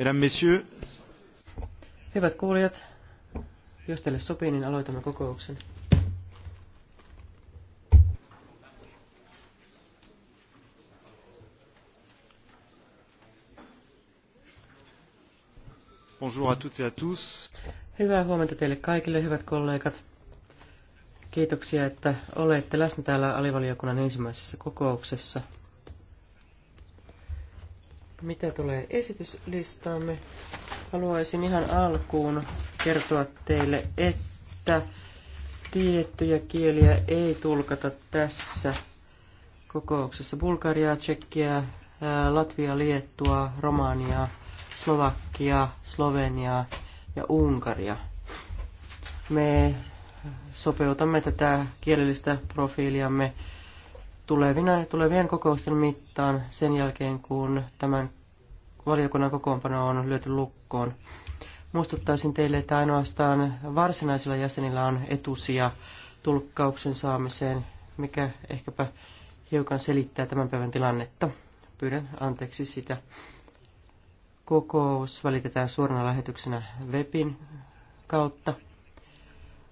Mesdames, Messieurs. Hyvät kuulijat, jos teille sopii, niin aloitamme kokouksen. Bonjour à toutes et à tous. Hyvää huomenta teille kaikille, hyvät kollegat. Kiitoksia, että olette läsnä täällä alivaliokunnan ensimmäisessä kokouksessa – mitä tulee esityslistaamme, haluaisin ihan alkuun kertoa teille, että tiettyjä kieliä ei tulkata tässä kokouksessa. Bulgariaa, Tsekkiä, Latvia, Liettua, Romaniaa, Slovakia, Sloveniaa ja Unkaria. Me sopeutamme tätä kielellistä profiiliamme tulevina, tulevien kokousten mittaan sen jälkeen, kun tämän valiokunnan kokoonpano on lyöty lukkoon. Muistuttaisin teille, että ainoastaan varsinaisilla jäsenillä on etusia tulkkauksen saamiseen, mikä ehkäpä hiukan selittää tämän päivän tilannetta. Pyydän anteeksi sitä. Kokous välitetään suorana lähetyksenä webin kautta.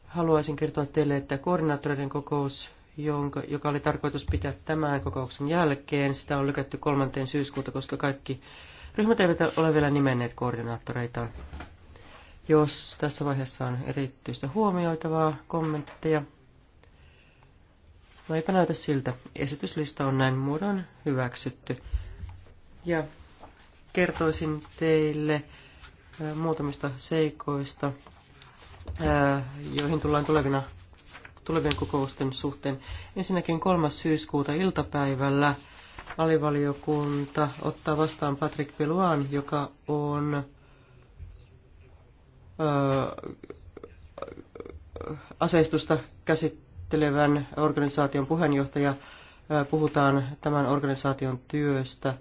Haluaisin kertoa teille, että koordinaattoreiden kokous jonka, joka oli tarkoitus pitää tämän kokouksen jälkeen. Sitä on lykätty kolmanteen syyskuuta, koska kaikki ryhmät eivät ole vielä nimenneet koordinaattoreitaan. Jos tässä vaiheessa on erityistä huomioitavaa kommentteja, no eipä näytä siltä. Esityslista on näin muodon hyväksytty. Ja kertoisin teille muutamista seikoista, joihin tullaan tulevina tulevien kokousten suhteen. Ensinnäkin 3. syyskuuta iltapäivällä alivaliokunta ottaa vastaan Patrick Peluan, joka on aseistusta käsittelevän organisaation puheenjohtaja. Puhutaan tämän organisaation työstä,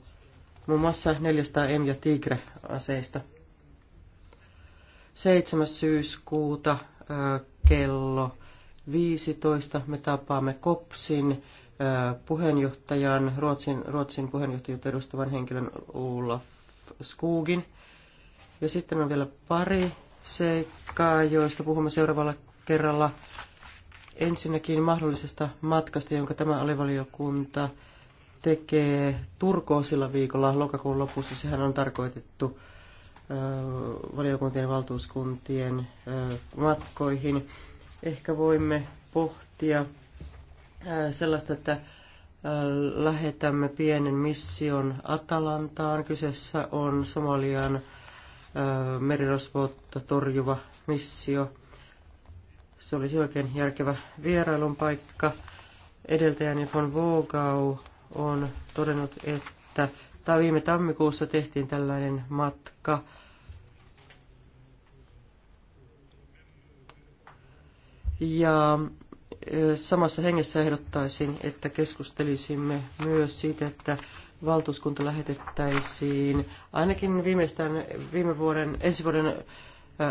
muun muassa 400 M- ja Tigre-aseista. 7. syyskuuta kello 15 me tapaamme KOPSin puheenjohtajan, Ruotsin, Ruotsin puheenjohtajuutta edustavan henkilön Olaf Skugin. Ja sitten on vielä pari seikkaa, joista puhumme seuraavalla kerralla. Ensinnäkin mahdollisesta matkasta, jonka tämä alivaliokunta tekee Turkoosilla viikolla lokakuun lopussa. Sehän on tarkoitettu valiokuntien valtuuskuntien matkoihin. Ehkä voimme pohtia sellaista, että lähetämme pienen mission Atalantaan. Kyseessä on Somalian merirosvoutta torjuva missio. Se olisi oikein järkevä vierailun paikka. Edeltäjäni von Vogau on todennut, että viime tammikuussa tehtiin tällainen matka Ja samassa hengessä ehdottaisin, että keskustelisimme myös siitä, että valtuuskunta lähetettäisiin ainakin viimeistään viime vuoden, ensi vuoden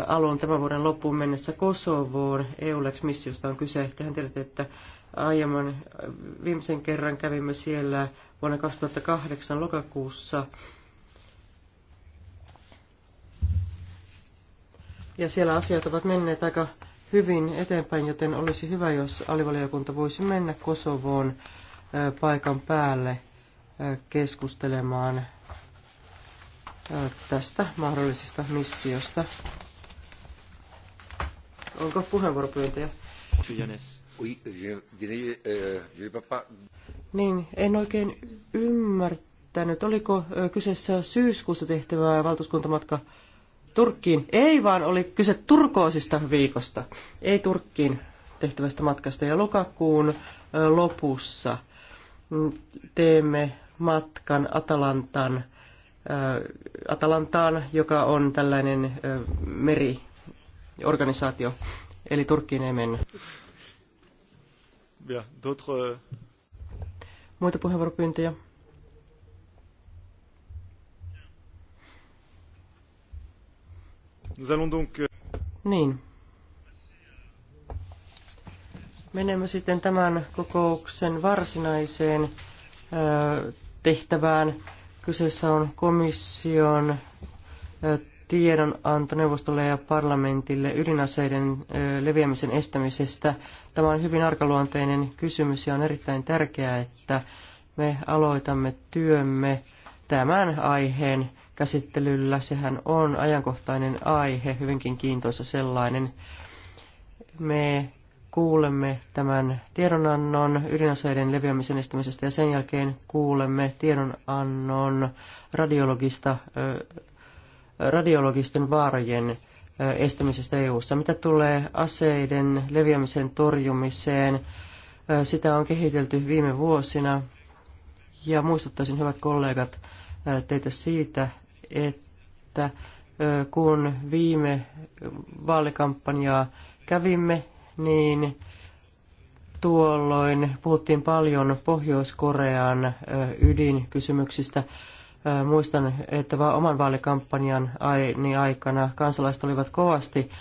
alun tämän vuoden loppuun mennessä Kosovoon. EULEX-missiosta on kyse. Tehän tiedätte, että aiemman viimeisen kerran kävimme siellä vuonna 2008 lokakuussa. Ja siellä asiat ovat menneet aika hyvin eteenpäin, joten olisi hyvä, jos alivaliokunta voisi mennä Kosovoon paikan päälle keskustelemaan tästä mahdollisesta missiosta. Onko puheenvuoropyyntöjä? Euh, niin, en oikein ymmärtänyt. Oliko kyseessä syyskuussa tehtävä valtuuskuntamatka Turkkiin. Ei, vaan oli kyse turkoosista viikosta, ei Turkkiin tehtävästä matkasta. Ja lokakuun lopussa mm, teemme matkan Atalantan, Atalantaan, joka on tällainen meriorganisaatio, eli Turkkiin ei mennä. Bien, Muita puheenvuoropyyntöjä? Nous allons donc... Euh, niin. Menemme sitten tämän kokouksen varsinaiseen tehtävään. Kyseessä on komission tiedonanto neuvostolle ja parlamentille ydinaseiden leviämisen estämisestä. Tämä on hyvin arkaluonteinen kysymys ja on erittäin tärkeää, että me aloitamme työmme tämän aiheen käsittelyllä. Sehän on ajankohtainen aihe, hyvinkin kiintoisa sellainen. Me kuulemme tämän tiedonannon ydinaseiden leviämisen estämisestä ja sen jälkeen kuulemme tiedonannon radiologista, radiologisten vaarojen estämisestä EU:ssa. Mitä tulee aseiden leviämisen torjumiseen, sitä on kehitelty viime vuosina. Ja muistuttaisin, hyvät kollegat, teitä siitä, että kun viime vaalikampanjaa kävimme, niin tuolloin puhuttiin paljon Pohjois-Korean ydinkysymyksistä. Muistan, että oman vaalikampanjan niin aikana kansalaiset olivat kovasti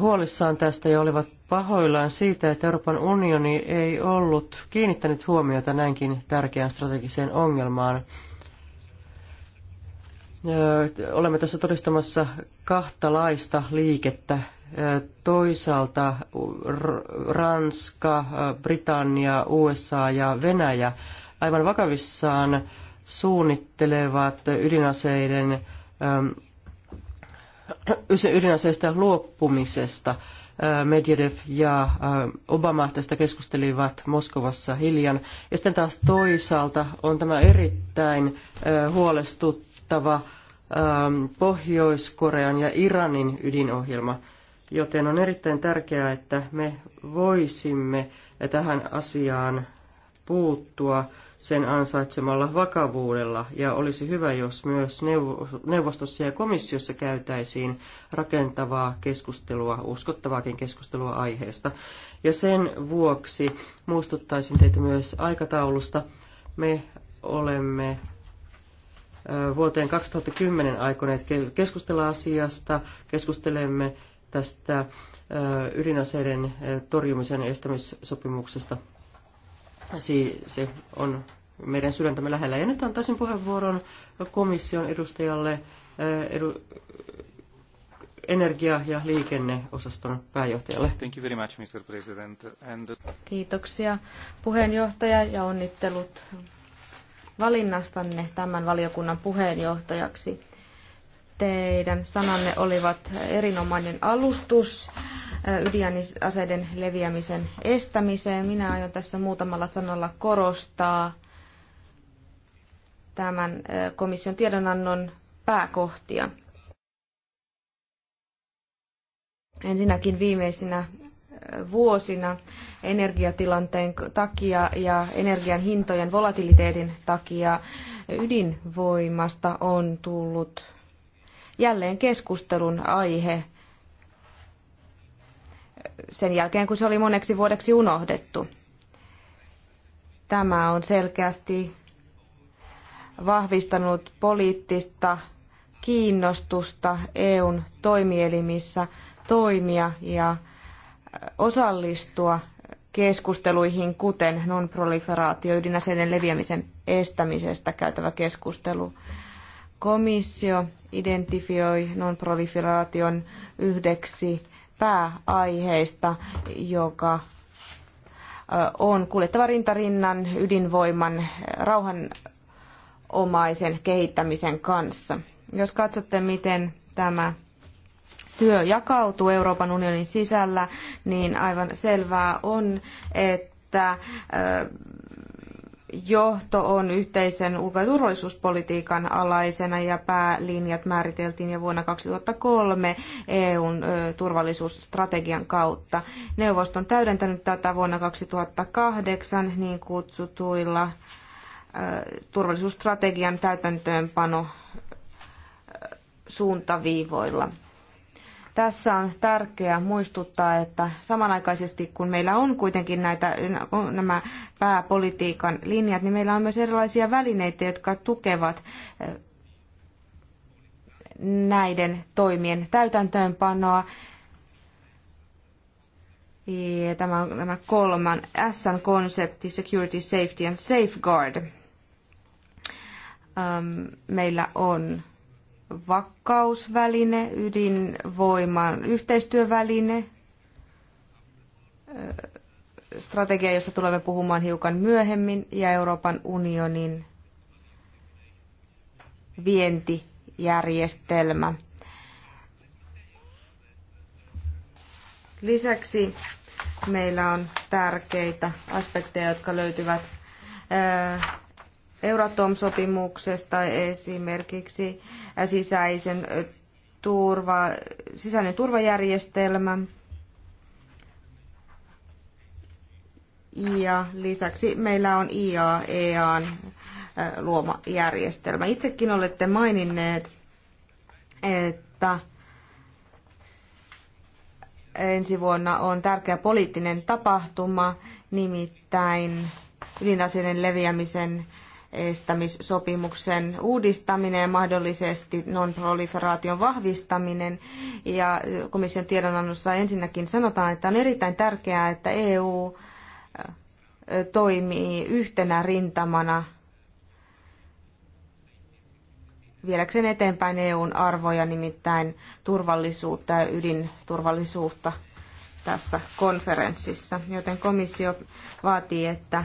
huolissaan tästä ja olivat pahoillaan siitä, että Euroopan unioni ei ollut kiinnittänyt huomiota näinkin tärkeään strategiseen ongelmaan olemme tässä todistamassa kahta laista liikettä. Toisaalta Ranska, Britannia, USA ja Venäjä aivan vakavissaan suunnittelevat ydinaseiden, ydinaseista luopumisesta. Medvedev ja Obama tästä keskustelivat Moskovassa hiljan. Ja sitten taas toisaalta on tämä erittäin huolestuttava kattava ähm, Pohjois-Korean ja Iranin ydinohjelma, joten on erittäin tärkeää, että me voisimme tähän asiaan puuttua sen ansaitsemalla vakavuudella, ja olisi hyvä, jos myös neuvostossa ja komissiossa käytäisiin rakentavaa keskustelua, uskottavaakin keskustelua aiheesta. Ja sen vuoksi muistuttaisin teitä myös aikataulusta. Me olemme vuoteen 2010 aikoneet keskustella asiasta. Keskustelemme tästä ydinaseiden torjumisen estämissopimuksesta. Se on meidän sydäntämme lähellä. Ja nyt antaisin puheenvuoron komission edustajalle energia- ja liikenneosaston pääjohtajalle. Thank you very much, Mr. President. And... Kiitoksia puheenjohtaja ja onnittelut valinnastanne tämän valiokunnan puheenjohtajaksi. Teidän sananne olivat erinomainen alustus ydinaseiden leviämisen estämiseen. Minä aion tässä muutamalla sanalla korostaa tämän komission tiedonannon pääkohtia. Ensinnäkin viimeisinä vuosina energiatilanteen takia ja energian hintojen volatiliteetin takia ydinvoimasta on tullut jälleen keskustelun aihe sen jälkeen, kun se oli moneksi vuodeksi unohdettu. Tämä on selkeästi vahvistanut poliittista kiinnostusta EUn toimielimissä toimia ja osallistua keskusteluihin, kuten non-proliferaatio ydinaseiden leviämisen estämisestä käytävä keskustelu. Komissio identifioi non-proliferaation yhdeksi pääaiheista, joka on kuljettava rintarinnan ydinvoiman rauhanomaisen kehittämisen kanssa. Jos katsotte, miten tämä työ jakautuu Euroopan unionin sisällä, niin aivan selvää on, että johto on yhteisen ulko- ja turvallisuuspolitiikan alaisena ja päälinjat määriteltiin jo vuonna 2003 EUn turvallisuusstrategian kautta. Neuvosto on täydentänyt tätä vuonna 2008 niin kutsutuilla turvallisuusstrategian täytäntöönpano suuntaviivoilla. Tässä on tärkeää muistuttaa, että samanaikaisesti kun meillä on kuitenkin näitä, nämä pääpolitiikan linjat, niin meillä on myös erilaisia välineitä, jotka tukevat eh, näiden toimien täytäntöönpanoa. Ja tämä on nämä kolman S-konsepti, security, safety and safeguard. meillä on vakausväline, ydinvoiman yhteistyöväline, strategia, josta tulemme puhumaan hiukan myöhemmin, ja Euroopan unionin vientijärjestelmä. Lisäksi meillä on tärkeitä aspekteja, jotka löytyvät Euratom-sopimuksesta esimerkiksi sisäisen turva, sisäinen turvajärjestelmä. Ja lisäksi meillä on IAEAn luoma järjestelmä. Itsekin olette maininneet, että ensi vuonna on tärkeä poliittinen tapahtuma, nimittäin ydinaseiden leviämisen estämissopimuksen uudistaminen ja mahdollisesti non-proliferaation vahvistaminen. Ja komission tiedonannossa ensinnäkin sanotaan, että on erittäin tärkeää, että EU toimii yhtenä rintamana viedäkseen eteenpäin EUn arvoja, nimittäin turvallisuutta ja ydinturvallisuutta tässä konferenssissa. Joten komissio vaatii, että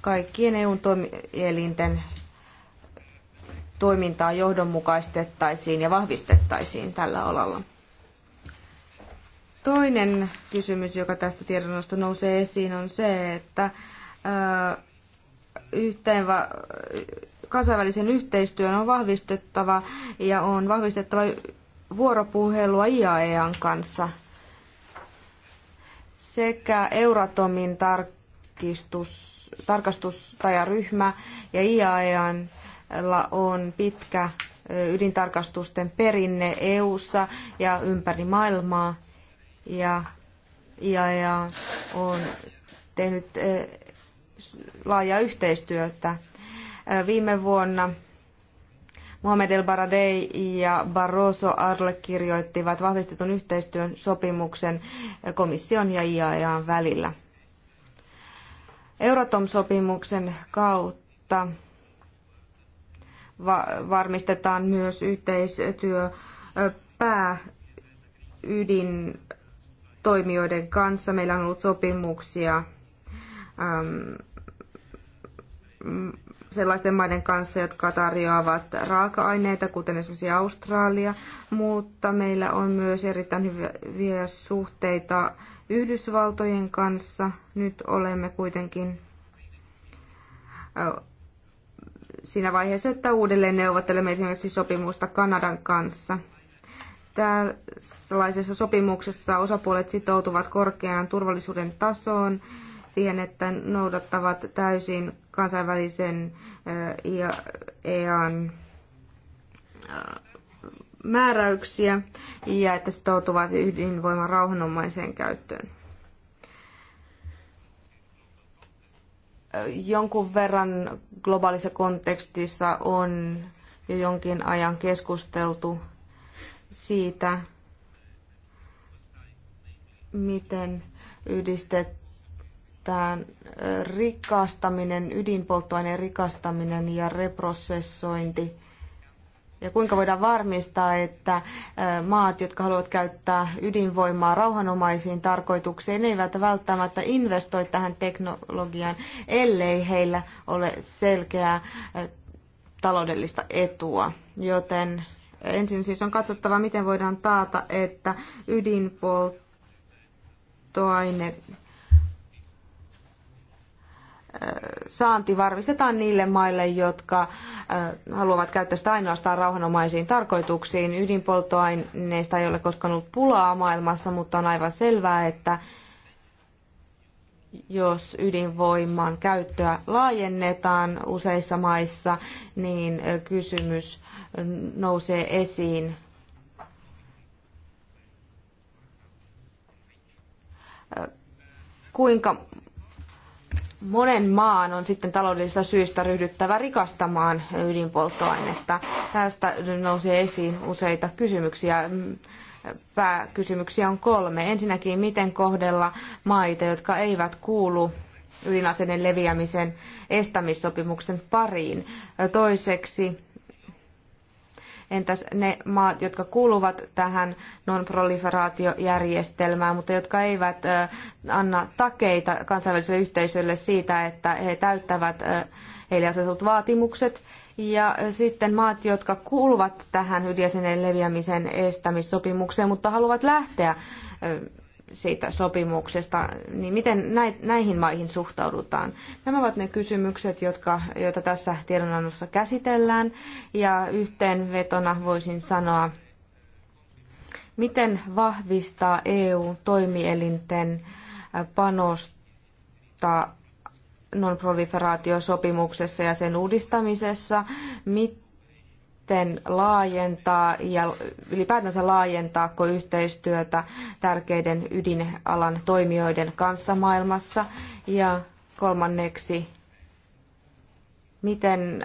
kaikkien EUn toimielinten toimintaa johdonmukaistettaisiin ja vahvistettaisiin tällä alalla. Toinen kysymys, joka tästä tiedonnosta nousee esiin, on se, että yhteen kansainvälisen yhteistyön on vahvistettava ja on vahvistettava vuoropuhelua IAEAn kanssa sekä Euratomin tarkistus tarkastustajaryhmä ja IAEAlla on pitkä ydintarkastusten perinne EU:ssa ja ympäri maailmaa ja IAEA e on tehnyt laajaa yhteistyötä. Viime vuonna Mohamed El Baradei ja Barroso Arle kirjoittivat vahvistetun yhteistyön sopimuksen komission ja IAEAn välillä. Euratom-sopimuksen kautta varmistetaan myös yhteistyö pääydin toimijoiden kanssa. Meillä on ollut sopimuksia sellaisten maiden kanssa, jotka tarjoavat raaka-aineita, kuten esimerkiksi Australia, mutta meillä on myös erittäin hyviä suhteita Yhdysvaltojen kanssa. Nyt olemme kuitenkin siinä vaiheessa, että uudelleen neuvottelemme esimerkiksi sopimusta Kanadan kanssa. Tällaisessa sopimuksessa osapuolet sitoutuvat korkeaan turvallisuuden tasoon, siihen, että noudattavat täysin kansainvälisen ja EAN määräyksiä ja että sitoutuvat ydinvoiman rauhanomaiseen käyttöön. Jonkun verran globaalissa kontekstissa on jo jonkin ajan keskusteltu siitä, miten yhdistetään rikastaminen, ydinpolttoaineen rikastaminen ja reprosessointi – ja kuinka voidaan varmistaa, että maat, jotka haluavat käyttää ydinvoimaa rauhanomaisiin tarkoituksiin, eivät välttämättä investoi tähän teknologiaan, ellei heillä ole selkeää taloudellista etua. Joten ensin siis on katsottava, miten voidaan taata, että ydinpolttoaine saanti varmistetaan niille maille, jotka äh, haluavat käyttää sitä ainoastaan rauhanomaisiin tarkoituksiin. Ydinpolttoaineista ei ole koskaan ollut pulaa maailmassa, mutta on aivan selvää, että jos ydinvoiman käyttöä laajennetaan useissa maissa, niin äh, kysymys äh, nousee esiin kuinka monen maan on sitten taloudellisista syistä ryhdyttävä rikastamaan ydinpolttoainetta. Tästä nousee esiin useita kysymyksiä. Mm, Pääkysymyksiä on kolme. Ensinnäkin, miten kohdella maita, jotka eivät kuulu ydinaseiden leviämisen estämissopimuksen pariin. Toiseksi, Entäs ne maat, jotka kuuluvat tähän non-proliferaatiojärjestelmään, mutta jotka eivät anna takeita kansainväliselle yhteisölle siitä, että he täyttävät heille asetut vaatimukset. Ja sitten maat, jotka kuuluvat tähän ydinaseiden leviämisen estämissopimukseen, mutta haluavat lähteä siitä sopimuksesta, niin miten näihin maihin suhtaudutaan? Nämä ovat ne kysymykset, jotka, joita tässä tiedonannossa käsitellään. Ja yhteenvetona voisin sanoa, miten vahvistaa EU-toimielinten panosta nonproliferaatiosopimuksessa ja sen uudistamisessa, mit, sitten laajentaa ja ylipäätänsä laajentaako yhteistyötä tärkeiden ydinalan toimijoiden kanssa maailmassa ja kolmanneksi, miten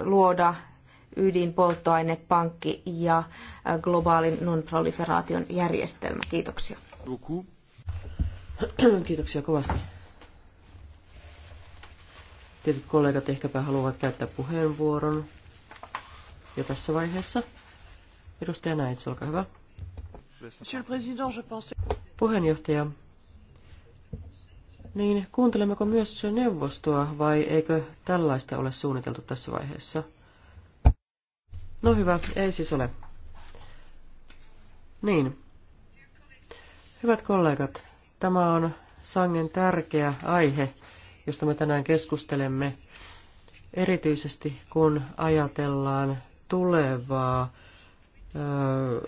luoda ydinpolttoainepankki ja globaalin non-proliferaation järjestelmä. Kiitoksia. Kiitoksia kovasti. Tietyt kollegat ehkäpä haluavat käyttää puheenvuoron jo tässä vaiheessa. Edustaja Näitsi, olkaa hyvä. Puheenjohtaja, niin kuuntelemmeko myös neuvostoa vai eikö tällaista ole suunniteltu tässä vaiheessa? No hyvä, ei siis ole. Niin. Hyvät kollegat, tämä on sangen tärkeä aihe, josta me tänään keskustelemme, erityisesti kun ajatellaan tulevaa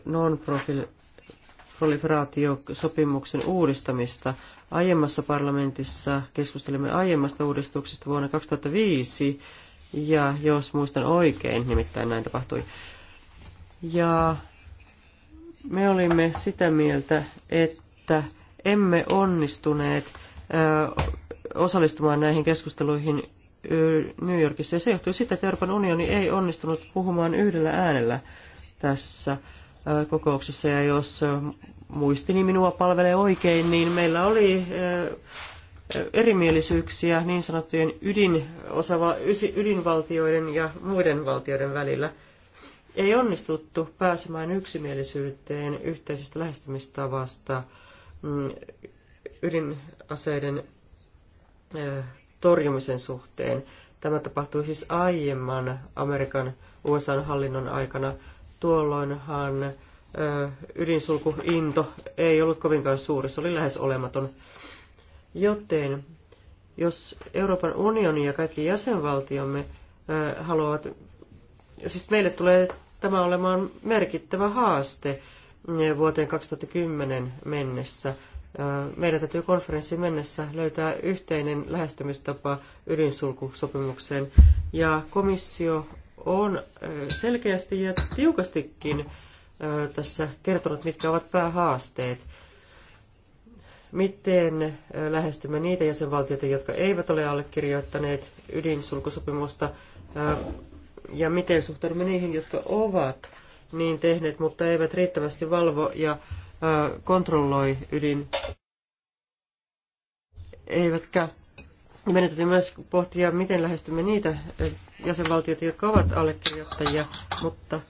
non-proliferaatiosopimuksen uudistamista. Aiemmassa parlamentissa keskustelimme aiemmasta uudistuksesta vuonna 2005, ja jos muistan oikein, nimittäin näin tapahtui. Ja me olimme sitä mieltä, että emme onnistuneet osallistumaan näihin keskusteluihin New Yorkissa. Ja se johtui siitä, että Euroopan unioni ei onnistunut puhumaan yhdellä äänellä tässä kokouksessa. Ja jos muistini minua palvelee oikein, niin meillä oli erimielisyyksiä niin sanottujen ydinosava, ydinvaltioiden ja muiden valtioiden välillä. Ei onnistuttu pääsemään yksimielisyyteen yhteisestä lähestymistavasta mm, ydinaseiden torjumisen suhteen. Tämä tapahtui siis aiemman Amerikan USA-hallinnon aikana. Tuolloinhan ö, ydinsulkuinto ei ollut kovinkaan suuri, se oli lähes olematon. Joten jos Euroopan unioni ja kaikki jäsenvaltiomme ö, haluavat, siis meille tulee tämä olemaan merkittävä haaste vuoteen 2010 mennessä meidän täytyy konferenssiin mennessä löytää yhteinen lähestymistapa ydinsulkusopimukseen. Ja komissio on selkeästi ja tiukastikin tässä kertonut, mitkä ovat päähaasteet. Miten lähestymme niitä jäsenvaltioita, jotka eivät ole allekirjoittaneet ydinsulkusopimusta, ja miten suhtaudumme niihin, jotka ovat niin tehneet, mutta eivät riittävästi valvo ja kontrolloi ydin, eivätkä meidän täytyy myös pohtia, miten lähestymme niitä jäsenvaltioita, jotka ovat allekirjoittajia, mutta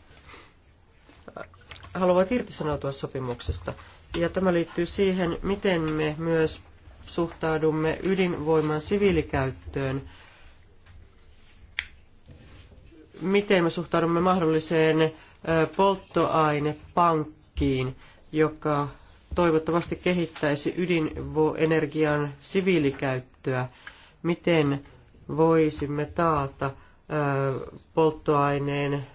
haluavat irtisanoutua sopimuksesta. Ja tämä liittyy siihen, miten me myös suhtaudumme ydinvoiman siviilikäyttöön, miten me suhtaudumme mahdolliseen polttoainepankkiin – joka toivottavasti kehittäisi ydinenergian siviilikäyttöä. Miten voisimme taata polttoaineen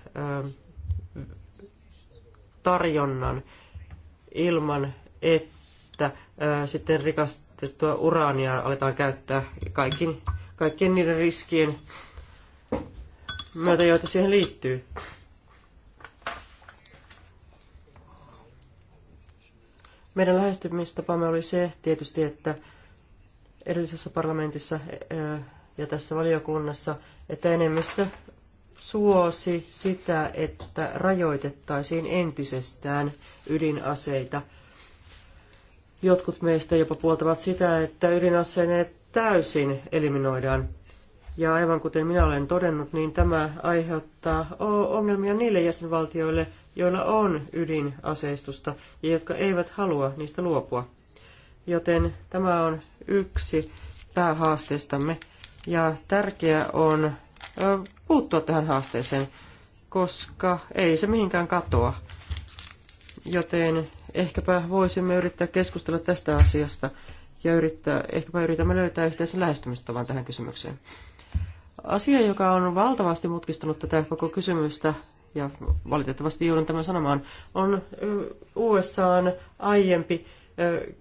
tarjonnan ilman, että sitten rikastettua uraania aletaan käyttää kaikin, kaikkien niiden riskien myötä, joita siihen liittyy. Meidän lähestymistapamme oli se tietysti, että edellisessä parlamentissa e, e, ja tässä valiokunnassa, että enemmistö suosi sitä, että rajoitettaisiin entisestään ydinaseita. Jotkut meistä jopa puoltavat sitä, että ydinaseet täysin eliminoidaan. Ja aivan kuten minä olen todennut, niin tämä aiheuttaa ongelmia niille jäsenvaltioille, joilla on ydinaseistusta ja jotka eivät halua niistä luopua. Joten tämä on yksi päähaasteistamme. Ja tärkeää on puuttua tähän haasteeseen, koska ei se mihinkään katoa. Joten ehkäpä voisimme yrittää keskustella tästä asiasta ja yrittää, ehkäpä yritämme löytää yhteisen lähestymistavan tähän kysymykseen. Asia, joka on valtavasti mutkistanut tätä koko kysymystä, ja valitettavasti joudun tämän sanomaan, on USAn aiempi,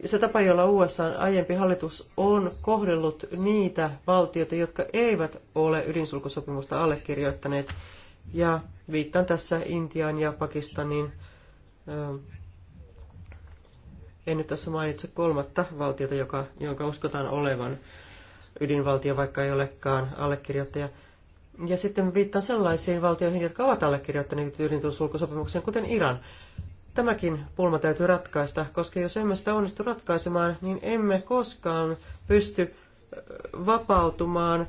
se tapa, jolla USAn aiempi hallitus on kohdellut niitä valtioita, jotka eivät ole ydinsulkusopimusta allekirjoittaneet. Ja viittaan tässä Intian ja Pakistanin. En nyt tässä mainitse kolmatta valtiota, joka, jonka uskotaan olevan ydinvaltio, vaikka ei olekaan allekirjoittaja. Ja sitten viittaan sellaisiin valtioihin, jotka ovat allekirjoittaneet ydintusulkusopimuksen, kuten Iran. Tämäkin pulma täytyy ratkaista, koska jos emme sitä onnistu ratkaisemaan, niin emme koskaan pysty vapautumaan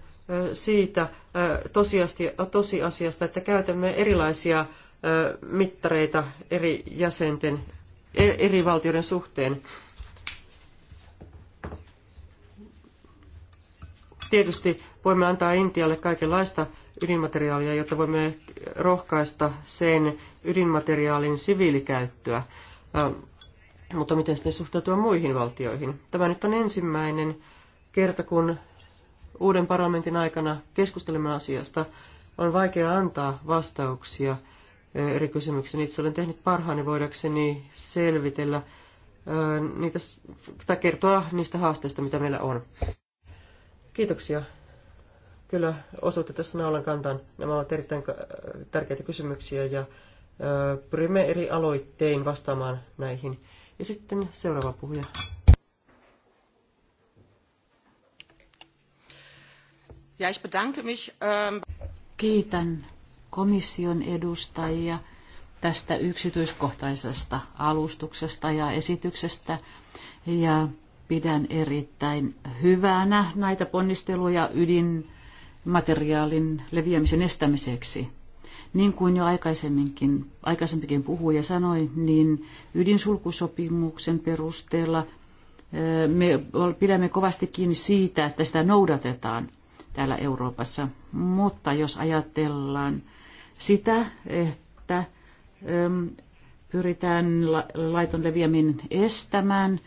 siitä tosiasiasta, että käytämme erilaisia mittareita eri jäsenten E- eri valtioiden suhteen. Tietysti voimme antaa Intialle kaikenlaista ydinmateriaalia, jotta voimme rohkaista sen ydinmateriaalin siviilikäyttöä. Mutta miten sitten suhtautua muihin valtioihin? Tämä nyt on ensimmäinen kerta, kun uuden parlamentin aikana keskustelemme asiasta. On vaikea antaa vastauksia eri kysymyksiin. Itse olen tehnyt parhaani voidakseni selvitellä niitä, tai kertoa niistä haasteista, mitä meillä on. Kiitoksia. Kyllä osuitte tässä naulan kantaan. Nämä ovat erittäin tärkeitä kysymyksiä ja pyrimme eri aloittein vastaamaan näihin. Ja sitten seuraava puhuja. Ja ich bedanke mich. Ähm... Kiitän komission edustajia tästä yksityiskohtaisesta alustuksesta ja esityksestä. Ja pidän erittäin hyvänä näitä ponnisteluja ydinmateriaalin leviämisen estämiseksi. Niin kuin jo aikaisemminkin, aikaisempikin puhuja sanoi, niin ydinsulkusopimuksen perusteella eh, me pidämme kovasti kiinni siitä, että sitä noudatetaan täällä Euroopassa. Mutta jos ajatellaan sitä, että ähm, pyritään laiton leviäminen estämään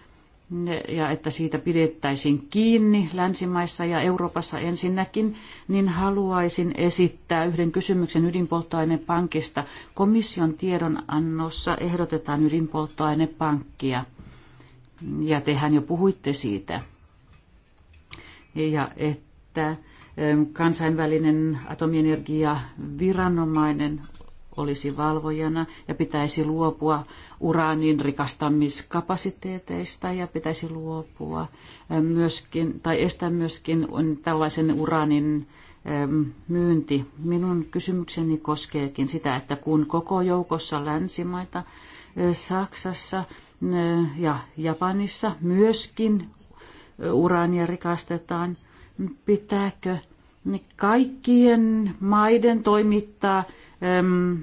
ja että siitä pidettäisiin kiinni länsimaissa ja Euroopassa ensinnäkin, niin haluaisin esittää yhden kysymyksen ydinpolttoainepankista. Komission tiedonannossa ehdotetaan ydinpolttoainepankkia, ja tehän jo puhuitte siitä, ja että kansainvälinen atomienergiaviranomainen olisi valvojana ja pitäisi luopua uraanin rikastamiskapasiteeteista ja pitäisi luopua myöskin, tai estää myöskin tällaisen uraanin myynti. Minun kysymykseni koskeekin sitä, että kun koko joukossa länsimaita e, Saksassa e, ja Japanissa myöskin uraania rikastetaan, pitääkö kaikkien maiden toimittaa äm,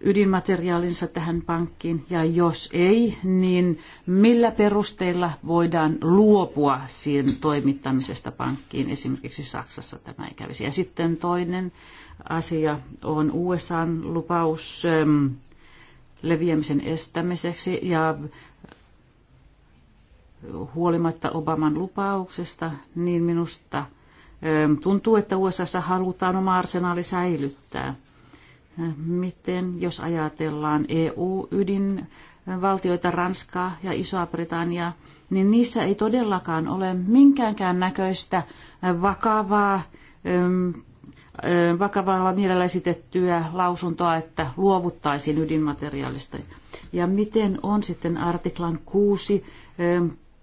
ydinmateriaalinsa tähän pankkiin, ja jos ei, niin millä perusteilla voidaan luopua siihen toimittamisesta pankkiin, esimerkiksi Saksassa tämä ei kävisi. Ja sitten toinen asia on USAn lupaus äm, leviämisen estämiseksi, ja huolimatta Obaman lupauksesta, niin minusta – Tuntuu, että USA halutaan oma arsenaali säilyttää. Miten, jos ajatellaan EU-ydinvaltioita, Ranskaa ja Isoa-Britanniaa, niin niissä ei todellakaan ole minkäänkään näköistä vakavaa, vakavalla mielellä esitettyä lausuntoa, että luovuttaisiin ydinmateriaalista. Ja miten on sitten artiklan 6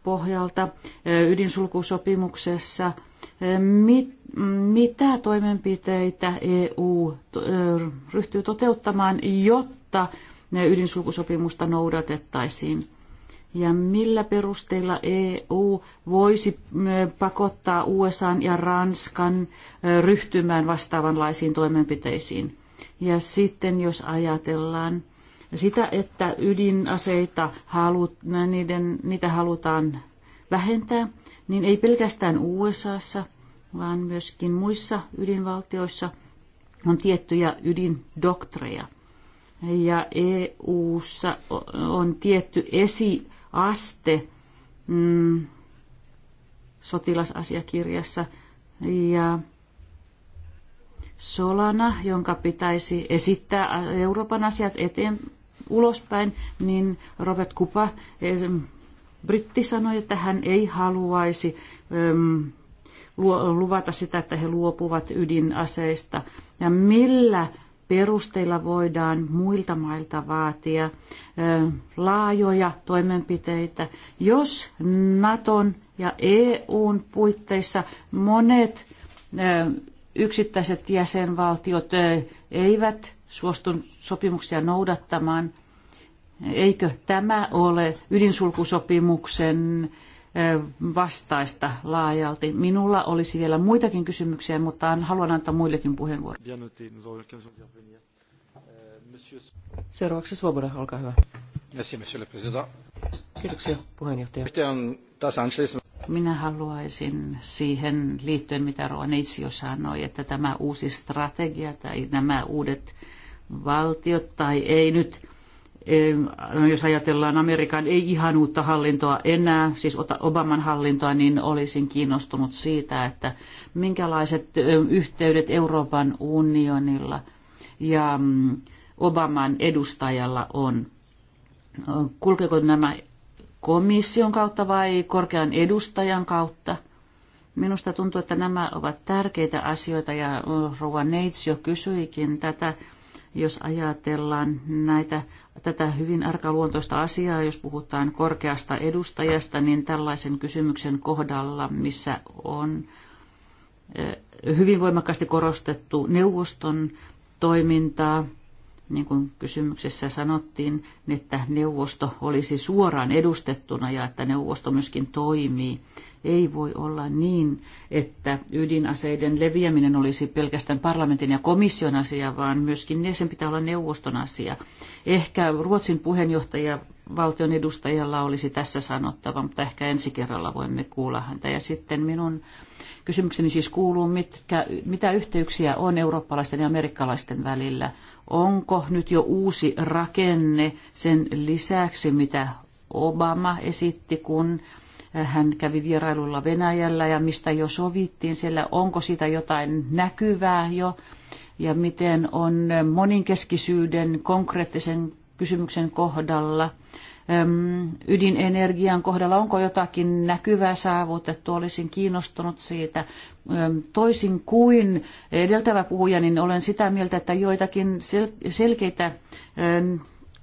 pohjalta ydinsulkusopimuksessa – Mit, mitä toimenpiteitä EU ryhtyy toteuttamaan, jotta ydinsulkusopimusta noudatettaisiin? Ja millä perusteilla EU voisi pakottaa USA ja Ranskan ryhtymään vastaavanlaisiin toimenpiteisiin? Ja sitten jos ajatellaan sitä, että ydinaseita halut, niiden, niitä halutaan vähentää, niin ei pelkästään USAssa, vaan myöskin muissa ydinvaltioissa on tiettyjä ydindoktreja. Ja EUssa on tietty esiaste mm, sotilasasiakirjassa ja Solana, jonka pitäisi esittää Euroopan asiat eteen ulospäin, niin Robert Kupa Britti sanoi, että hän ei haluaisi äm, luvata sitä, että he luopuvat ydinaseista. Ja millä perusteilla voidaan muilta mailta vaatia ö, ähm, laajoja toimenpiteitä, jos Naton ja EUn puitteissa monet ö, ähm, yksittäiset jäsenvaltiot äh, eivät suostu sopimuksia noudattamaan – Eikö tämä ole ydinsulkusopimuksen vastaista laajalti? Minulla olisi vielä muitakin kysymyksiä, mutta haluan antaa muillekin puheenvuoron. Euh, Seuraavaksi Svoboda, olkaa hyvä. Kiitoksia, puheenjohtaja. Minä haluaisin siihen liittyen, mitä Roaneitsi jo sanoi, että tämä uusi strategia tai nämä uudet valtiot, tai ei nyt jos ajatellaan Amerikan ei ihan uutta hallintoa enää, siis Obaman hallintoa, niin olisin kiinnostunut siitä, että minkälaiset yhteydet Euroopan unionilla ja mm, Obaman edustajalla on. Kulkeeko nämä komission kautta vai korkean edustajan kautta? Minusta tuntuu, että nämä ovat tärkeitä asioita ja mm, rouva Neitsio kysyikin tätä jos ajatellaan näitä, tätä hyvin arkaluontoista asiaa, jos puhutaan korkeasta edustajasta, niin tällaisen kysymyksen kohdalla, missä on eh, hyvin voimakkaasti korostettu neuvoston toimintaa, niin kuin kysymyksessä sanottiin, että neuvosto olisi suoraan edustettuna ja että neuvosto myöskin toimii. Ei voi olla niin, että ydinaseiden leviäminen olisi pelkästään parlamentin ja komission asia, vaan myöskin sen pitää olla neuvoston asia. Ehkä Ruotsin puheenjohtaja valtion edustajalla olisi tässä sanottava, mutta ehkä ensi kerralla voimme kuulla häntä. Ja sitten minun Kysymykseni siis kuuluu, mitkä, mitä yhteyksiä on eurooppalaisten ja amerikkalaisten välillä? Onko nyt jo uusi rakenne sen lisäksi, mitä Obama esitti, kun hän kävi vierailulla Venäjällä ja mistä jo sovittiin siellä, onko siitä jotain näkyvää jo ja miten on moninkeskisyyden konkreettisen kysymyksen kohdalla ydinenergian kohdalla, onko jotakin näkyvää saavutettu, olisin kiinnostunut siitä. Toisin kuin edeltävä puhuja, niin olen sitä mieltä, että joitakin selkeitä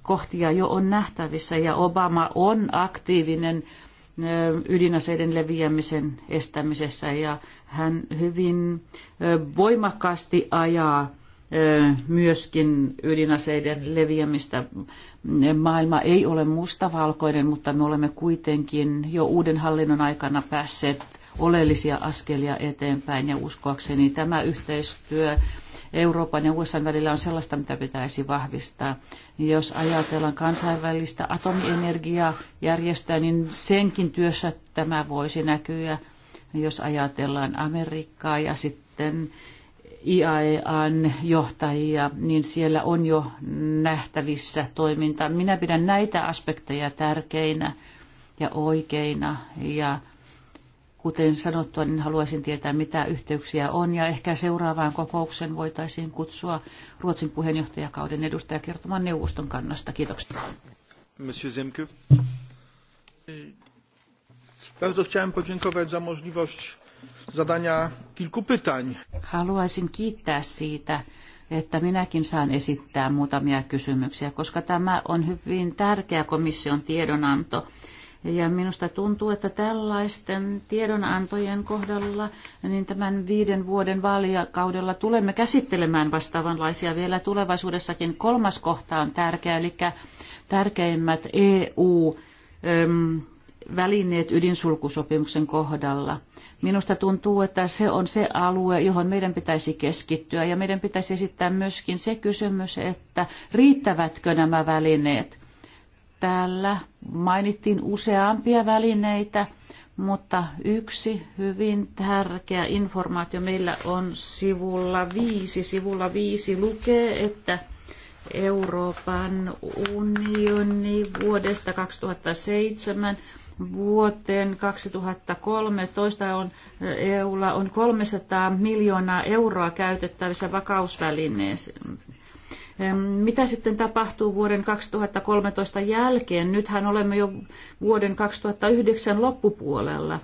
kohtia jo on nähtävissä ja Obama on aktiivinen ydinaseiden leviämisen estämisessä ja hän hyvin voimakkaasti ajaa myöskin ydinaseiden leviämistä. Maailma ei ole mustavalkoinen, mutta me olemme kuitenkin jo uuden hallinnon aikana päässeet oleellisia askelia eteenpäin ja uskoakseni tämä yhteistyö Euroopan ja USA välillä on sellaista, mitä pitäisi vahvistaa. Jos ajatellaan kansainvälistä atomienergiajärjestöä, niin senkin työssä tämä voisi näkyä. Jos ajatellaan Amerikkaa ja sitten IAEAn johtajia, niin siellä on jo nähtävissä toiminta. Minä pidän näitä aspekteja tärkeinä ja oikeina ja kuten sanottua, niin haluaisin tietää, mitä yhteyksiä on, ja ehkä seuraavaan kokouksen voitaisiin kutsua Ruotsin puheenjohtajakauden edustaja kertomaan neuvoston kannasta. Kiitoksia. Monsieur Zemke. Bardzo chciałem podziękować za możliwość zadania kilku pytań. Haluaisin kiittää siitä, että minäkin saan esittää muutamia kysymyksiä, koska tämä on hyvin tärkeä komission tiedonanto. Ja minusta tuntuu, että tällaisten tiedonantojen kohdalla, niin tämän viiden vuoden vaalikaudella tulemme käsittelemään vastaavanlaisia vielä tulevaisuudessakin. Kolmas kohta on tärkeä, eli tärkeimmät EU- välineet ydinsulkusopimuksen kohdalla. Minusta tuntuu, että se on se alue, johon meidän pitäisi keskittyä ja meidän pitäisi esittää myöskin se kysymys, että riittävätkö nämä välineet. Täällä mainittiin useampia välineitä, mutta yksi hyvin tärkeä informaatio meillä on sivulla viisi. Sivulla viisi lukee, että Euroopan unioni vuodesta 2007 vuoteen 2013 on, EUlla on 300 miljoonaa euroa käytettävissä vakausvälineeseen. Mitä sitten tapahtuu vuoden 2013 jälkeen? Nythän olemme jo vuoden 2009 loppupuolella.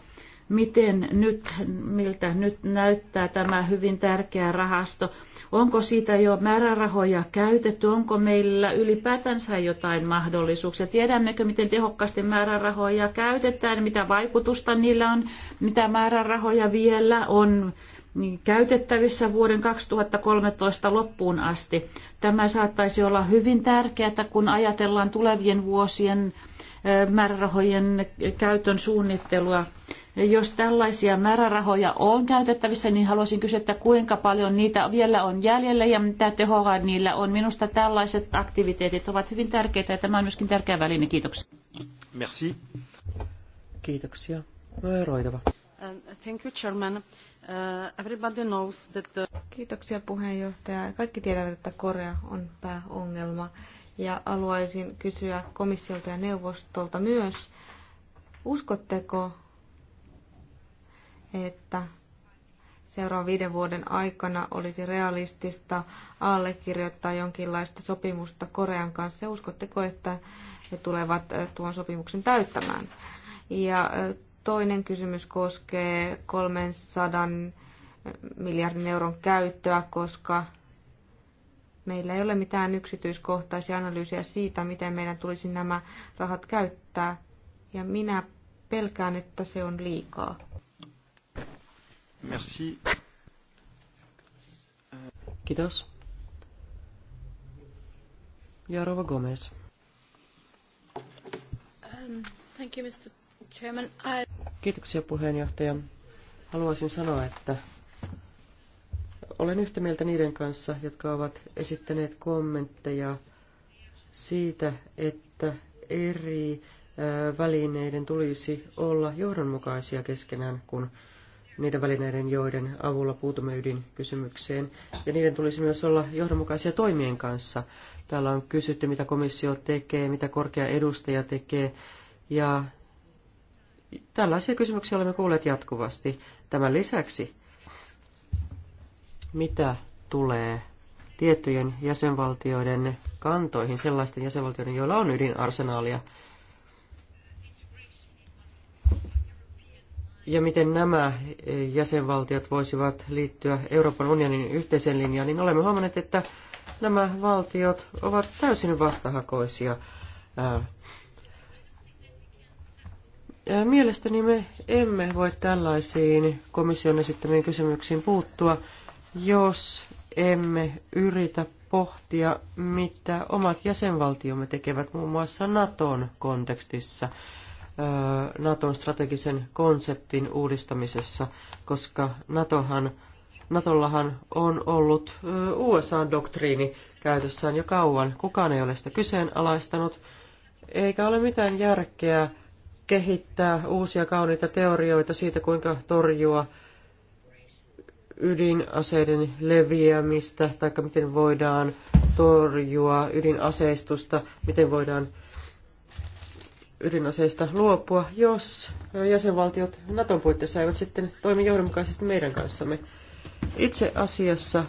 Miten nyt, miltä nyt näyttää tämä hyvin tärkeä rahasto? Onko siitä jo määrärahoja käytetty? Onko meillä ylipäätänsä jotain mahdollisuuksia? Tiedämmekö, miten tehokkaasti määrärahoja käytetään, mitä vaikutusta niillä on, mitä määrärahoja vielä on käytettävissä vuoden 2013 loppuun asti. Tämä saattaisi olla hyvin tärkeää, kun ajatellaan tulevien vuosien määrärahojen käytön suunnittelua jos tällaisia määrärahoja on käytettävissä, niin haluaisin kysyä, että kuinka paljon niitä vielä on jäljellä ja mitä tehoa niillä on. Minusta tällaiset aktiviteetit ovat hyvin tärkeitä ja tämä on myöskin tärkeä väline. Kiitoksia. Merci. Kiitoksia. Roitava. Uh, thank you, Chairman. Uh, everybody knows that the... Kiitoksia puheenjohtaja. Kaikki tietävät, että Korea on pääongelma. Ja haluaisin kysyä komissiolta ja neuvostolta myös, uskotteko, että seuraavan viiden vuoden aikana olisi realistista allekirjoittaa jonkinlaista sopimusta Korean kanssa. Uskotteko, että he tulevat äh, tuon sopimuksen täyttämään? Ja äh, toinen kysymys koskee 300 äh, miljardin euron käyttöä, koska meillä ei ole mitään yksityiskohtaisia analyysiä siitä, miten meidän tulisi nämä rahat käyttää. Ja minä pelkään, että se on liikaa. Merci. Kiitos. Jarova Gomez. Um, thank you, Mr. Chairman. I... Kiitoksia puheenjohtaja. Haluaisin sanoa, että olen yhtä mieltä niiden kanssa, jotka ovat esittäneet kommentteja siitä, että eri välineiden tulisi olla johdonmukaisia keskenään, kun niiden välineiden, joiden avulla puutumme ydinkysymykseen. Ja niiden tulisi myös olla johdonmukaisia toimien kanssa. Täällä on kysytty, mitä komissio tekee, mitä korkea edustaja tekee. Ja tällaisia kysymyksiä olemme kuulleet jatkuvasti. Tämän lisäksi, mitä tulee tiettyjen jäsenvaltioiden kantoihin, sellaisten jäsenvaltioiden, joilla on ydinarsenaalia, ja miten nämä jäsenvaltiot voisivat liittyä Euroopan unionin yhteiseen linjaan, niin olemme huomanneet, että nämä valtiot ovat täysin vastahakoisia. Mielestäni me emme voi tällaisiin komission esittämiin kysymyksiin puuttua, jos emme yritä pohtia, mitä omat jäsenvaltiomme tekevät muun muassa Naton kontekstissa – Naton strategisen konseptin uudistamisessa, koska Natohan, Natollahan on ollut USA-doktriini käytössään jo kauan. Kukaan ei ole sitä kyseenalaistanut, eikä ole mitään järkeä kehittää uusia kauniita teorioita siitä, kuinka torjua ydinaseiden leviämistä, tai miten voidaan torjua ydinaseistusta, miten voidaan ydinaseista luopua, jos jäsenvaltiot Naton puitteissa eivät sitten toimi johdonmukaisesti meidän kanssamme. Itse asiassa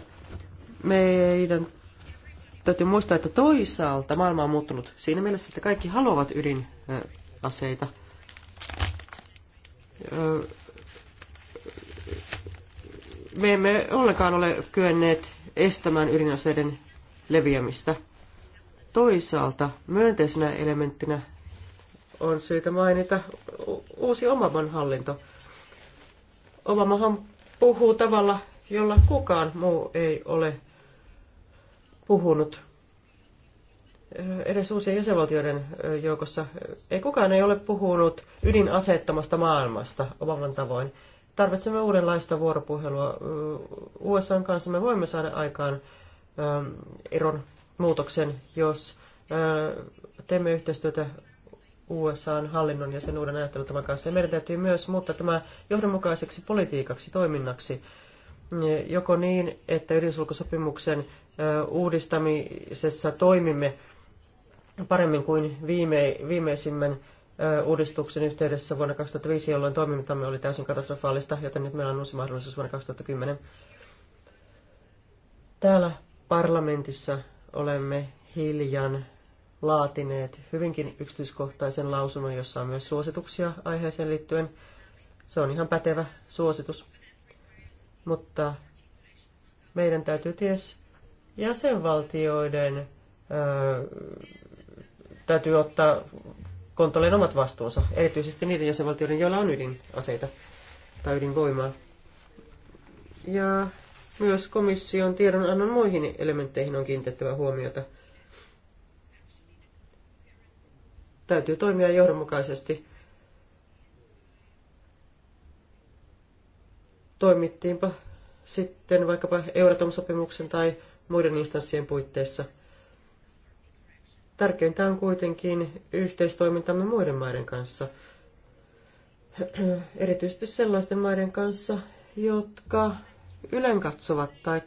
meidän täytyy muistaa, että toisaalta maailma on muuttunut siinä mielessä, että kaikki haluavat ydinaseita. Me emme ollenkaan ole kyenneet estämään ydinaseiden leviämistä. Toisaalta myönteisenä elementtinä on syytä mainita uusi Obaman hallinto. Obamahan puhuu tavalla, jolla kukaan muu ei ole puhunut. Edes uusien jäsenvaltioiden joukossa ei kukaan ei ole puhunut ydinaseettomasta maailmasta Obaman tavoin. Tarvitsemme uudenlaista vuoropuhelua USA kanssa. Me voimme saada aikaan eron muutoksen, jos teemme yhteistyötä USAn hallinnon ja sen uuden ajattelutavan kanssa. Ja meidän täytyy myös muuttaa tämä johdonmukaiseksi politiikaksi, toiminnaksi, joko niin, että ydinsulkusopimuksen uudistamisessa toimimme paremmin kuin viime, viimeisimmän uudistuksen yhteydessä vuonna 2005, jolloin toimintamme oli täysin katastrofaalista, joten nyt meillä on uusi mahdollisuus vuonna 2010. Täällä parlamentissa olemme hiljan laatineet hyvinkin yksityiskohtaisen lausunnon, jossa on myös suosituksia aiheeseen liittyen. Se on ihan pätevä suositus. Mutta meidän täytyy ties jäsenvaltioiden ö, täytyy ottaa kontolleen omat vastuunsa, erityisesti niiden jäsenvaltioiden, joilla on ydinaseita tai ydinvoimaa. Ja myös komission tiedonannon muihin elementteihin on kiinnitettävä huomiota – Täytyy toimia johdonmukaisesti. Toimittiinpa sitten vaikkapa Euratom-sopimuksen tai muiden instanssien puitteissa. Tärkeintä on kuitenkin yhteistoimintamme muiden maiden kanssa, erityisesti sellaisten maiden kanssa, jotka ylenkatsovat tai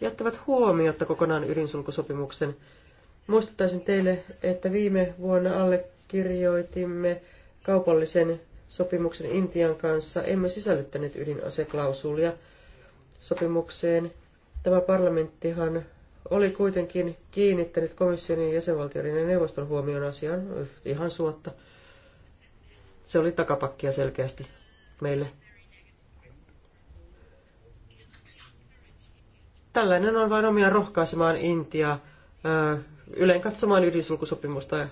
jättävät huomiota kokonaan ydinsulkusopimuksen Muistuttaisin teille, että viime vuonna allekirjoitimme kaupallisen sopimuksen Intian kanssa. Emme sisällyttäneet ydinaseklausulia sopimukseen. Tämä parlamenttihan oli kuitenkin kiinnittänyt komission ja jäsenvaltioiden ja neuvoston huomion asiaan ihan suotta. Se oli takapakkia selkeästi meille. Tällainen on vain omia rohkaisemaan Intiaa yleen katsomaan ydinsulkusopimusta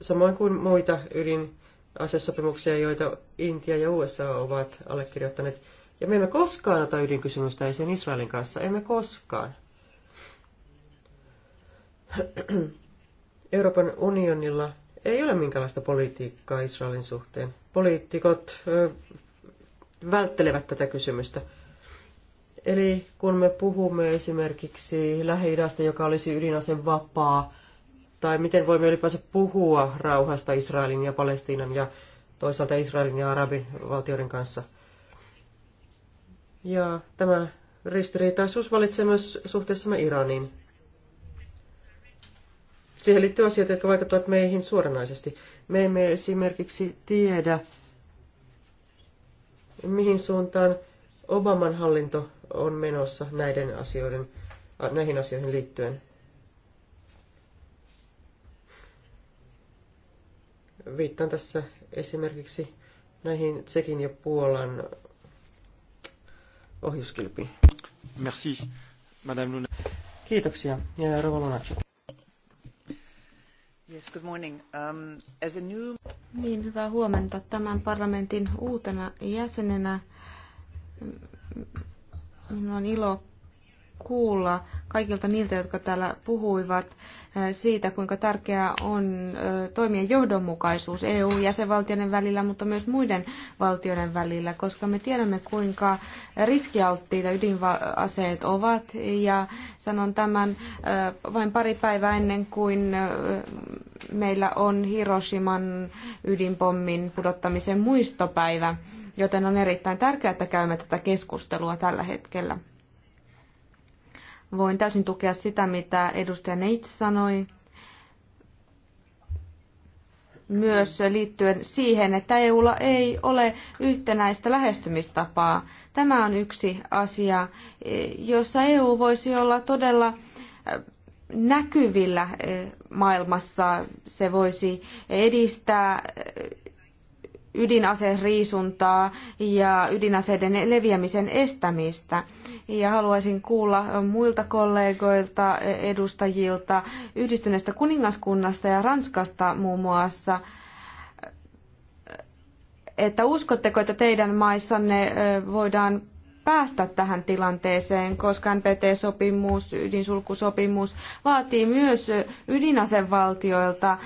samoin kuin muita ydinasesopimuksia, joita Intia ja USA ovat allekirjoittaneet. Ja me emme koskaan ota ydinkysymystä esiin Israelin kanssa, emme koskaan. Euroopan unionilla ei ole minkäänlaista politiikkaa Israelin suhteen. Poliitikot välttelevät tätä kysymystä. Eli kun me puhumme esimerkiksi lähi joka olisi ydinase vapaa, tai miten voimme ylipäänsä puhua rauhasta Israelin ja Palestiinan ja toisaalta Israelin ja Arabin valtioiden kanssa. Ja tämä ristiriitaisuus valitsee myös suhteessamme Iraniin. Siihen liittyy asioita, jotka vaikuttavat meihin suoranaisesti. Me emme esimerkiksi tiedä, mihin suuntaan Obaman hallinto on menossa näiden asioiden, äh, näihin asioihin liittyen. Viittaan tässä esimerkiksi näihin Tsekin ja Puolan ohjuskilpiin. Merci, Madame Luna. Kiitoksia, ja Rova Lunacek. Yes, good morning. Um, as a new... Niin, hyvää huomenta. Tämän parlamentin uutena jäsenenä on ilo kuulla kaikilta niiltä, jotka täällä puhuivat eh, siitä, kuinka tärkeää on eh, toimia johdonmukaisuus EU-jäsenvaltioiden välillä, mutta myös muiden valtioiden välillä, koska me tiedämme, kuinka riskialttiita ydinaseet ovat. Ja sanon tämän eh, vain pari päivää ennen kuin meillä on Hiroshiman ydinpommin pudottamisen muistopäivä joten on erittäin tärkeää, että käymme tätä keskustelua tällä hetkellä. Voin täysin tukea sitä, mitä edustaja Neits sanoi, myös liittyen siihen, että EUlla ei ole yhtenäistä lähestymistapaa. Tämä on yksi asia, jossa EU voisi olla todella näkyvillä maailmassa. Se voisi edistää ydinaseriisuntaa ja ydinaseiden leviämisen estämistä. Ja haluaisin kuulla muilta kollegoilta, edustajilta, yhdistyneestä kuningaskunnasta ja Ranskasta muun muassa, että uskotteko, että teidän maissanne voidaan päästä tähän tilanteeseen, koska NPT-sopimus, ydinsulkusopimus vaatii myös ydinasevaltioilta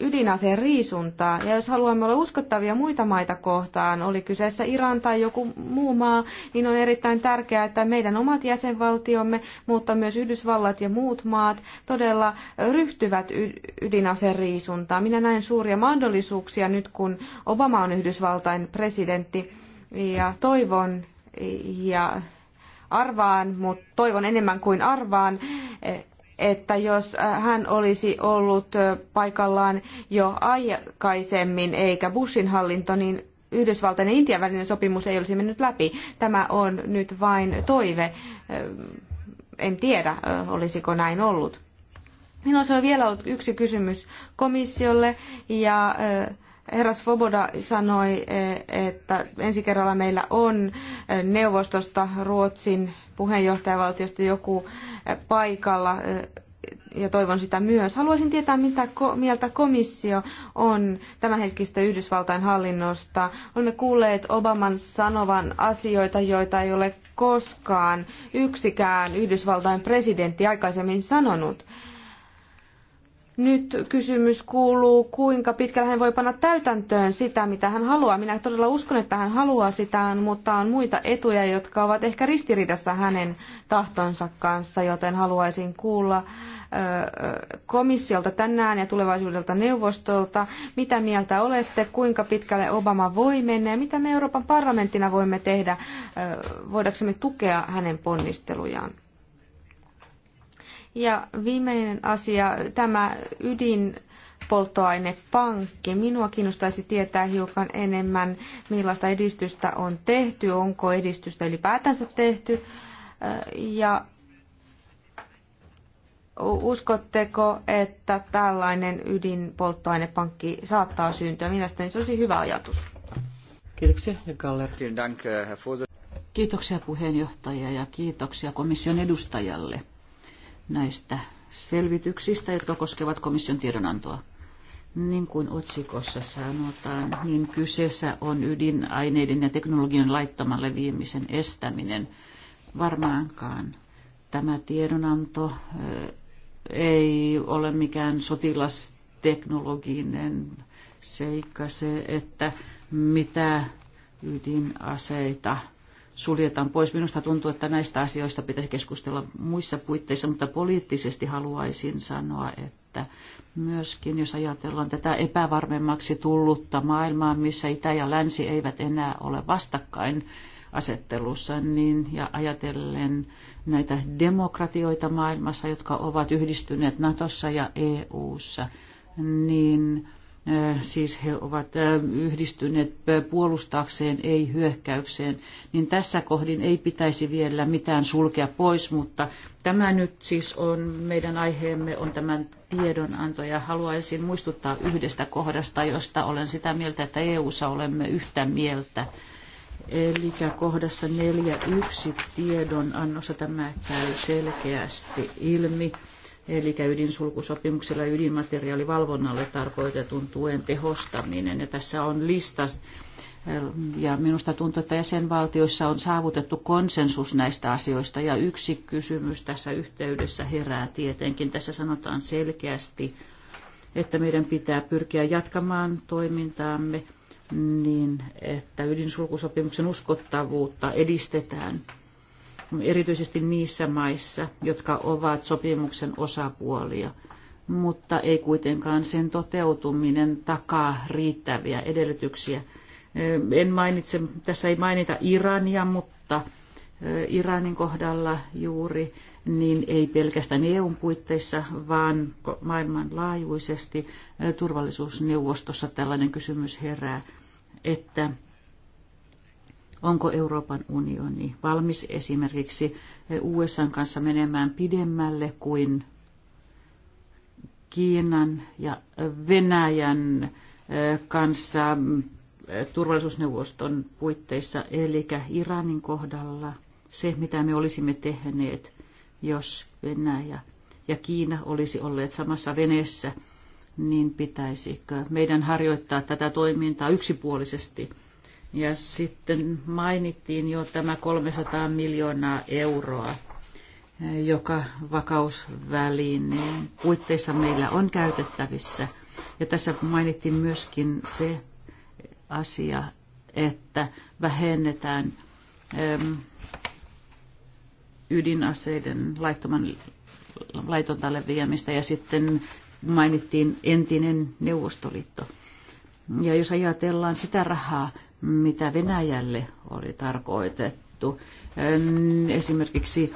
ydinaseen riisuntaa. Ja jos haluamme olla uskottavia muita maita kohtaan, oli kyseessä Iran tai joku muu maa, niin on erittäin tärkeää, että meidän omat jäsenvaltiomme, mutta myös Yhdysvallat ja muut maat todella ryhtyvät ydinaseen riisuntaan. Minä näen suuria mahdollisuuksia nyt, kun Obama on Yhdysvaltain presidentti ja toivon ja arvaan, mutta toivon enemmän kuin arvaan, että jos hän olisi ollut paikallaan jo aikaisemmin eikä Bushin hallinto, niin Yhdysvaltain ja Intian välinen sopimus ei olisi mennyt läpi. Tämä on nyt vain toive. En tiedä, olisiko näin ollut. Minulla on vielä ollut yksi kysymys komissiolle ja äh, Herra Svoboda sanoi, e, että ensi kerralla meillä on e, neuvostosta Ruotsin puheenjohtajavaltiosta joku e, paikalla ja toivon sitä myös. Haluaisin tietää, mitä ko- mieltä komissio on tämänhetkistä Yhdysvaltain hallinnosta. Olemme kuulleet Obaman sanovan asioita, joita ei ole koskaan yksikään Yhdysvaltain presidentti aikaisemmin sanonut. Nyt kysymys kuuluu, kuinka pitkällä hän voi panna täytäntöön sitä, mitä hän haluaa. Minä todella uskon, että hän haluaa sitä, mutta on muita etuja, jotka ovat ehkä ristiriidassa hänen tahtonsa kanssa, joten haluaisin kuulla komissiolta tänään ja tulevaisuudelta neuvostolta, mitä mieltä olette, kuinka pitkälle Obama voi mennä ja mitä me Euroopan parlamenttina voimme tehdä, voidaksemme tukea hänen ponnistelujaan. Ja viimeinen asia, tämä ydinpolttoainepankki. Minua kiinnostaisi tietää hiukan enemmän, millaista edistystä on tehty, onko edistystä ylipäätänsä tehty ja uskotteko, että tällainen ydinpolttoainepankki saattaa syntyä? Mielestäni se olisi hyvä ajatus. Kiitoksia, Galler. Kiitoksia puheenjohtaja ja kiitoksia komission edustajalle näistä selvityksistä, jotka koskevat komission tiedonantoa. Niin kuin otsikossa sanotaan, niin kyseessä on ydinaineiden ja teknologian laittoman leviämisen estäminen. Varmaankaan tämä tiedonanto eh, ei ole mikään sotilasteknologinen seikka se, että mitä ydinaseita suljetaan pois. Minusta tuntuu, että näistä asioista pitäisi keskustella muissa puitteissa, mutta poliittisesti haluaisin sanoa, että myöskin jos ajatellaan tätä epävarmemmaksi tullutta maailmaa, missä Itä ja Länsi eivät enää ole vastakkain asettelussa, niin ja ajatellen näitä demokratioita maailmassa, jotka ovat yhdistyneet Natossa ja EUssa, niin Äh, siis he ovat äh, yhdistyneet äh, puolustaakseen, ei hyökkäykseen, niin tässä kohdin ei pitäisi vielä mitään sulkea pois, mutta tämä nyt siis on meidän aiheemme, on tämän tiedonanto ja haluaisin muistuttaa yhdestä kohdasta, josta olen sitä mieltä, että EU-ssa olemme yhtä mieltä. Eli kohdassa 4.1 tiedonannossa tämä käy selkeästi ilmi eli ydinsulkusopimuksella ydinmateriaalivalvonnalle tarkoitetun tuen tehostaminen. Ja tässä on lista, ja minusta tuntuu, että jäsenvaltioissa on saavutettu konsensus näistä asioista, ja yksi kysymys tässä yhteydessä herää tietenkin. Tässä sanotaan selkeästi, että meidän pitää pyrkiä jatkamaan toimintaamme niin, että ydinsulkusopimuksen uskottavuutta edistetään – erityisesti niissä maissa, jotka ovat sopimuksen osapuolia, mutta ei kuitenkaan sen toteutuminen takaa riittäviä edellytyksiä. En mainitse, tässä ei mainita Irania, mutta Iranin kohdalla juuri, niin ei pelkästään EUn puitteissa, vaan maailmanlaajuisesti turvallisuusneuvostossa tällainen kysymys herää, että Onko Euroopan unioni valmis esimerkiksi USAn kanssa menemään pidemmälle kuin Kiinan ja Venäjän kanssa turvallisuusneuvoston puitteissa, eli Iranin kohdalla se, mitä me olisimme tehneet, jos Venäjä ja Kiina olisi olleet samassa veneessä, niin pitäisikö meidän harjoittaa tätä toimintaa yksipuolisesti – ja sitten mainittiin jo tämä 300 miljoonaa euroa, joka vakausvälineen puitteissa meillä on käytettävissä. Ja tässä mainittiin myöskin se asia, että vähennetään ähm, ydinaseiden laittoman, laitonta leviämistä ja sitten mainittiin entinen Neuvostoliitto. Ja jos ajatellaan sitä rahaa, mitä Venäjälle oli tarkoitettu. Esimerkiksi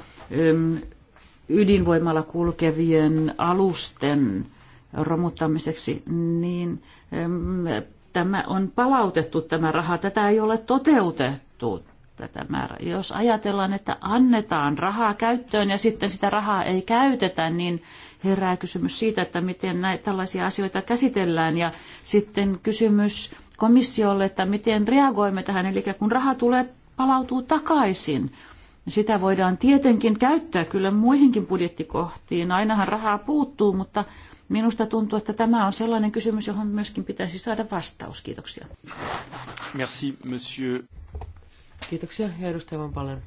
ydinvoimalla kulkevien alusten romuttamiseksi, niin tämä on palautettu tämä raha. Tätä ei ole toteutettu tätä määrä. Jos ajatellaan, että annetaan rahaa käyttöön ja sitten sitä rahaa ei käytetä, niin herää kysymys siitä, että miten näitä tällaisia asioita käsitellään. Ja sitten kysymys komissiolle, että miten reagoimme tähän, eli kun raha tulee, palautuu takaisin. Sitä voidaan tietenkin käyttää kyllä muihinkin budjettikohtiin. Ainahan rahaa puuttuu, mutta minusta tuntuu, että tämä on sellainen kysymys, johon myöskin pitäisi saada vastaus. Kiitoksia. Merci, monsieur. Kiitoksia edustaja Van Palen.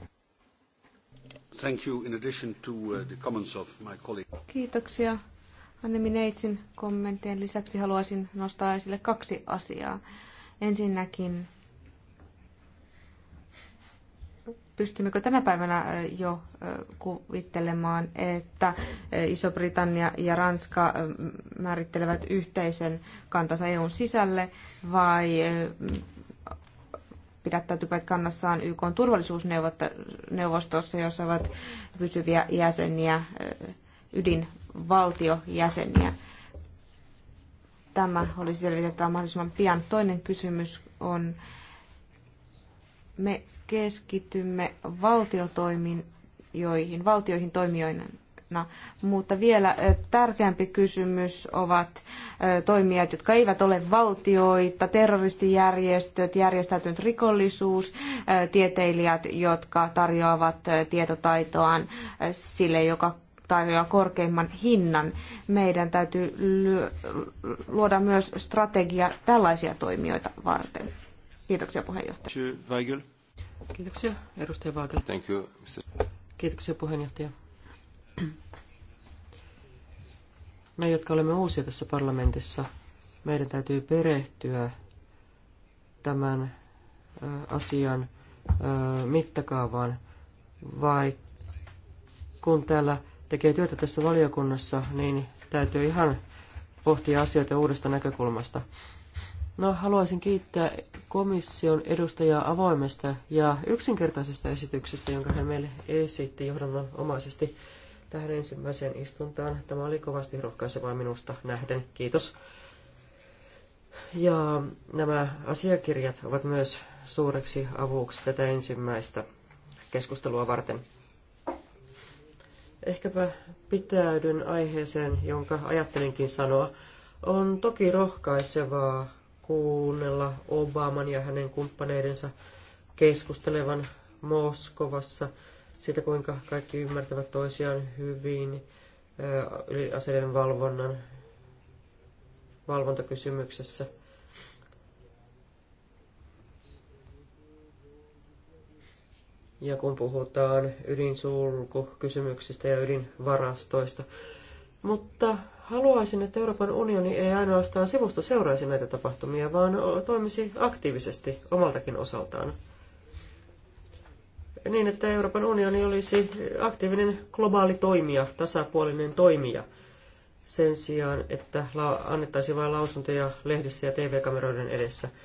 Thank you in addition to uh, the comments of my colleague. Kiitoksia. Annemi Neitsin kommenttien lisäksi haluaisin nostaa esille kaksi asiaa. Ensinnäkin, pystymmekö tänä päivänä jo kuvittelemaan, että Iso-Britannia ja Ranska määrittelevät yhteisen kantansa EUn sisälle vai pidättäytyvät kannassaan YK turvallisuusneuvostossa, jossa ovat pysyviä jäseniä ydin valtiojäseniä. Tämä olisi selvitettävä mahdollisimman pian. Toinen kysymys on, me keskitymme valtiotoimin joihin, valtioihin toimijoina. Mutta vielä tärkeämpi kysymys ovat toimijat, jotka eivät ole valtioita, terroristijärjestöt, järjestäytynyt rikollisuus, tieteilijät, jotka tarjoavat tietotaitoaan sille, joka tarjoaa korkeimman hinnan. Meidän täytyy luoda myös strategia tällaisia toimijoita varten. Kiitoksia puheenjohtaja. Kiitoksia. Edustaja Weigel. Thank you, Mr. Kiitoksia puheenjohtaja. Me, jotka olemme uusia tässä parlamentissa, meidän täytyy perehtyä tämän asian mittakaavaan, vai kun täällä tekee työtä tässä valiokunnassa, niin täytyy ihan pohtia asioita uudesta näkökulmasta. No, haluaisin kiittää komission edustajaa avoimesta ja yksinkertaisesta esityksestä, jonka hän meille esitti johdonomaisesti tähän ensimmäiseen istuntaan. Tämä oli kovasti rohkaisevaa minusta nähden. Kiitos. Ja nämä asiakirjat ovat myös suureksi avuksi tätä ensimmäistä keskustelua varten. Ehkäpä pitäydyn aiheeseen, jonka ajattelinkin sanoa. On toki rohkaisevaa kuunnella Obaman ja hänen kumppaneidensa keskustelevan Moskovassa siitä, kuinka kaikki ymmärtävät toisiaan hyvin aseiden valvonnan valvontakysymyksessä. Ja kun puhutaan ydinsulkukysymyksistä ja ydinvarastoista. Mutta haluaisin, että Euroopan unioni ei ainoastaan sivusta seuraisi näitä tapahtumia, vaan toimisi aktiivisesti omaltakin osaltaan. Niin, että Euroopan unioni olisi aktiivinen globaali toimija, tasapuolinen toimija, sen sijaan, että annettaisiin vain lausuntoja lehdissä ja TV-kameroiden edessä –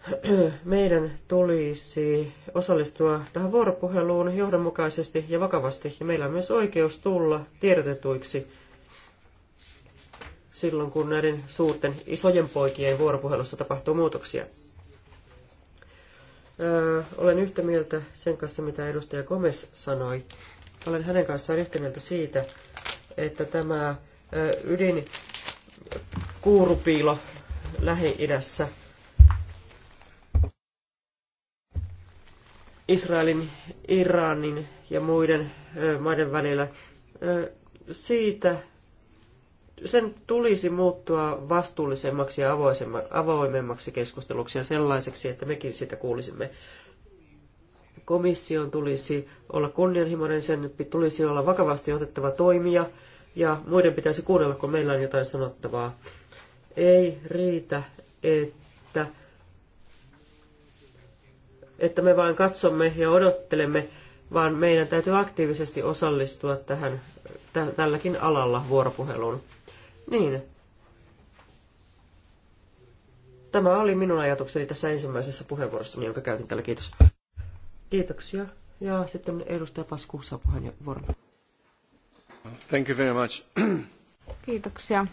meidän tulisi osallistua tähän vuoropuheluun johdonmukaisesti ja vakavasti, ja meillä on myös oikeus tulla tiedotetuiksi silloin, kun näiden suurten isojen poikien vuoropuhelussa tapahtuu muutoksia. Öö, olen yhtä mieltä sen kanssa, mitä edustaja Gomez sanoi. Olen hänen kanssaan yhtä mieltä siitä, että tämä ydin kuurupiilo Lähi-idässä – Israelin, Iranin ja muiden maiden välillä, siitä sen tulisi muuttua vastuullisemmaksi ja avoimemmaksi keskusteluksi ja sellaiseksi, että mekin sitä kuulisimme. Komission tulisi olla kunnianhimoinen, sen tulisi olla vakavasti otettava toimija ja muiden pitäisi kuunnella, kun meillä on jotain sanottavaa. Ei riitä, että että me vain katsomme ja odottelemme, vaan meidän täytyy aktiivisesti osallistua tähän tälläkin alalla vuoropuheluun. Niin. Tämä oli minun ajatukseni tässä ensimmäisessä puheenvuorossa, jonka käytin tällä. Kiitos. Kiitoksia. Ja sitten edustaja Pasku saa puheenvuoron. Thank you very much. Kiitoksia.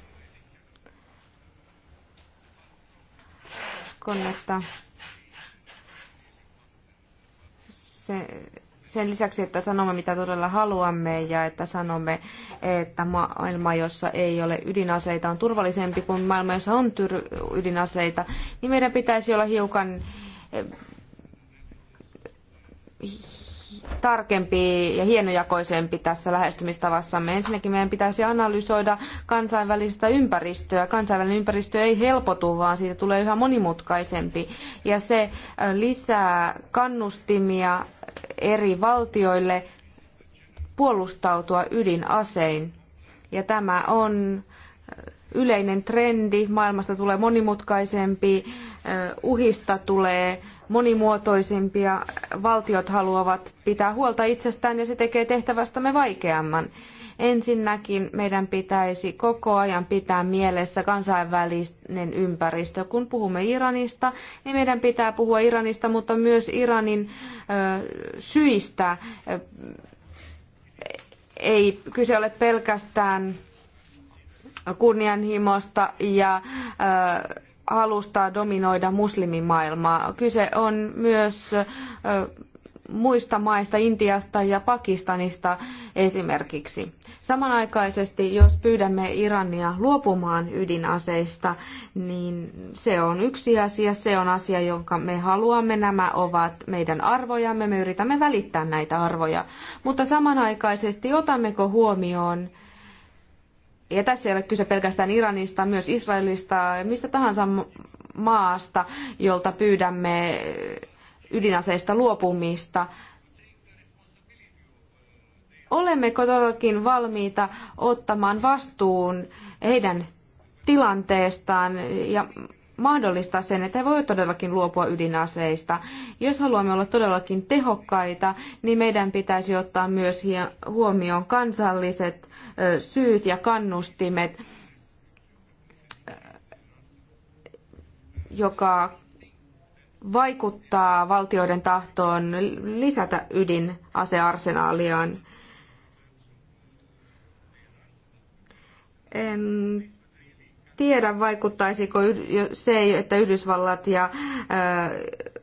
Uskon, että se, sen lisäksi, että sanomme mitä todella haluamme ja että sanomme, että maailma, jossa ei ole ydinaseita, on turvallisempi kuin maailma, jossa on ydinaseita, niin meidän pitäisi olla hiukan eh, tarkempi ja hienojakoisempi tässä lähestymistavassamme. Ensinnäkin meidän pitäisi analysoida kansainvälistä ympäristöä. Kansainvälinen ympäristö ei helpotu, vaan siitä tulee yhä monimutkaisempi. Ja se äh, lisää kannustimia eri valtioille puolustautua ydinasein. Ja tämä on äh, yleinen trendi, maailmasta tulee monimutkaisempi, äh, uhista tulee monimuotoisimpia. Valtiot haluavat pitää huolta itsestään ja se tekee tehtävästämme vaikeamman. Ensinnäkin meidän pitäisi koko ajan pitää mielessä kansainvälinen ympäristö. Kun puhumme Iranista, niin meidän pitää puhua Iranista, mutta myös Iranin syistä. Ei kyse ole pelkästään kunnianhimosta ja ö, halustaa dominoida muslimimaailmaa. Kyse on myös muista maista, Intiasta ja Pakistanista esimerkiksi. Samanaikaisesti, jos pyydämme Irania luopumaan ydinaseista, niin se on yksi asia, se on asia, jonka me haluamme. Nämä ovat meidän arvojamme, me yritämme välittää näitä arvoja. Mutta samanaikaisesti otammeko huomioon ja tässä ei ole kyse pelkästään Iranista, myös Israelista, mistä tahansa maasta, jolta pyydämme ydinaseista luopumista. Olemmeko todellakin valmiita ottamaan vastuun heidän tilanteestaan ja mahdollistaa sen, että he voivat todellakin luopua ydinaseista. Jos haluamme olla todellakin tehokkaita, niin meidän pitäisi ottaa myös huomioon kansalliset syyt ja kannustimet, joka vaikuttaa valtioiden tahtoon lisätä ydinasearsenaaliaan. En tiedä, vaikuttaisiko se, että Yhdysvallat ja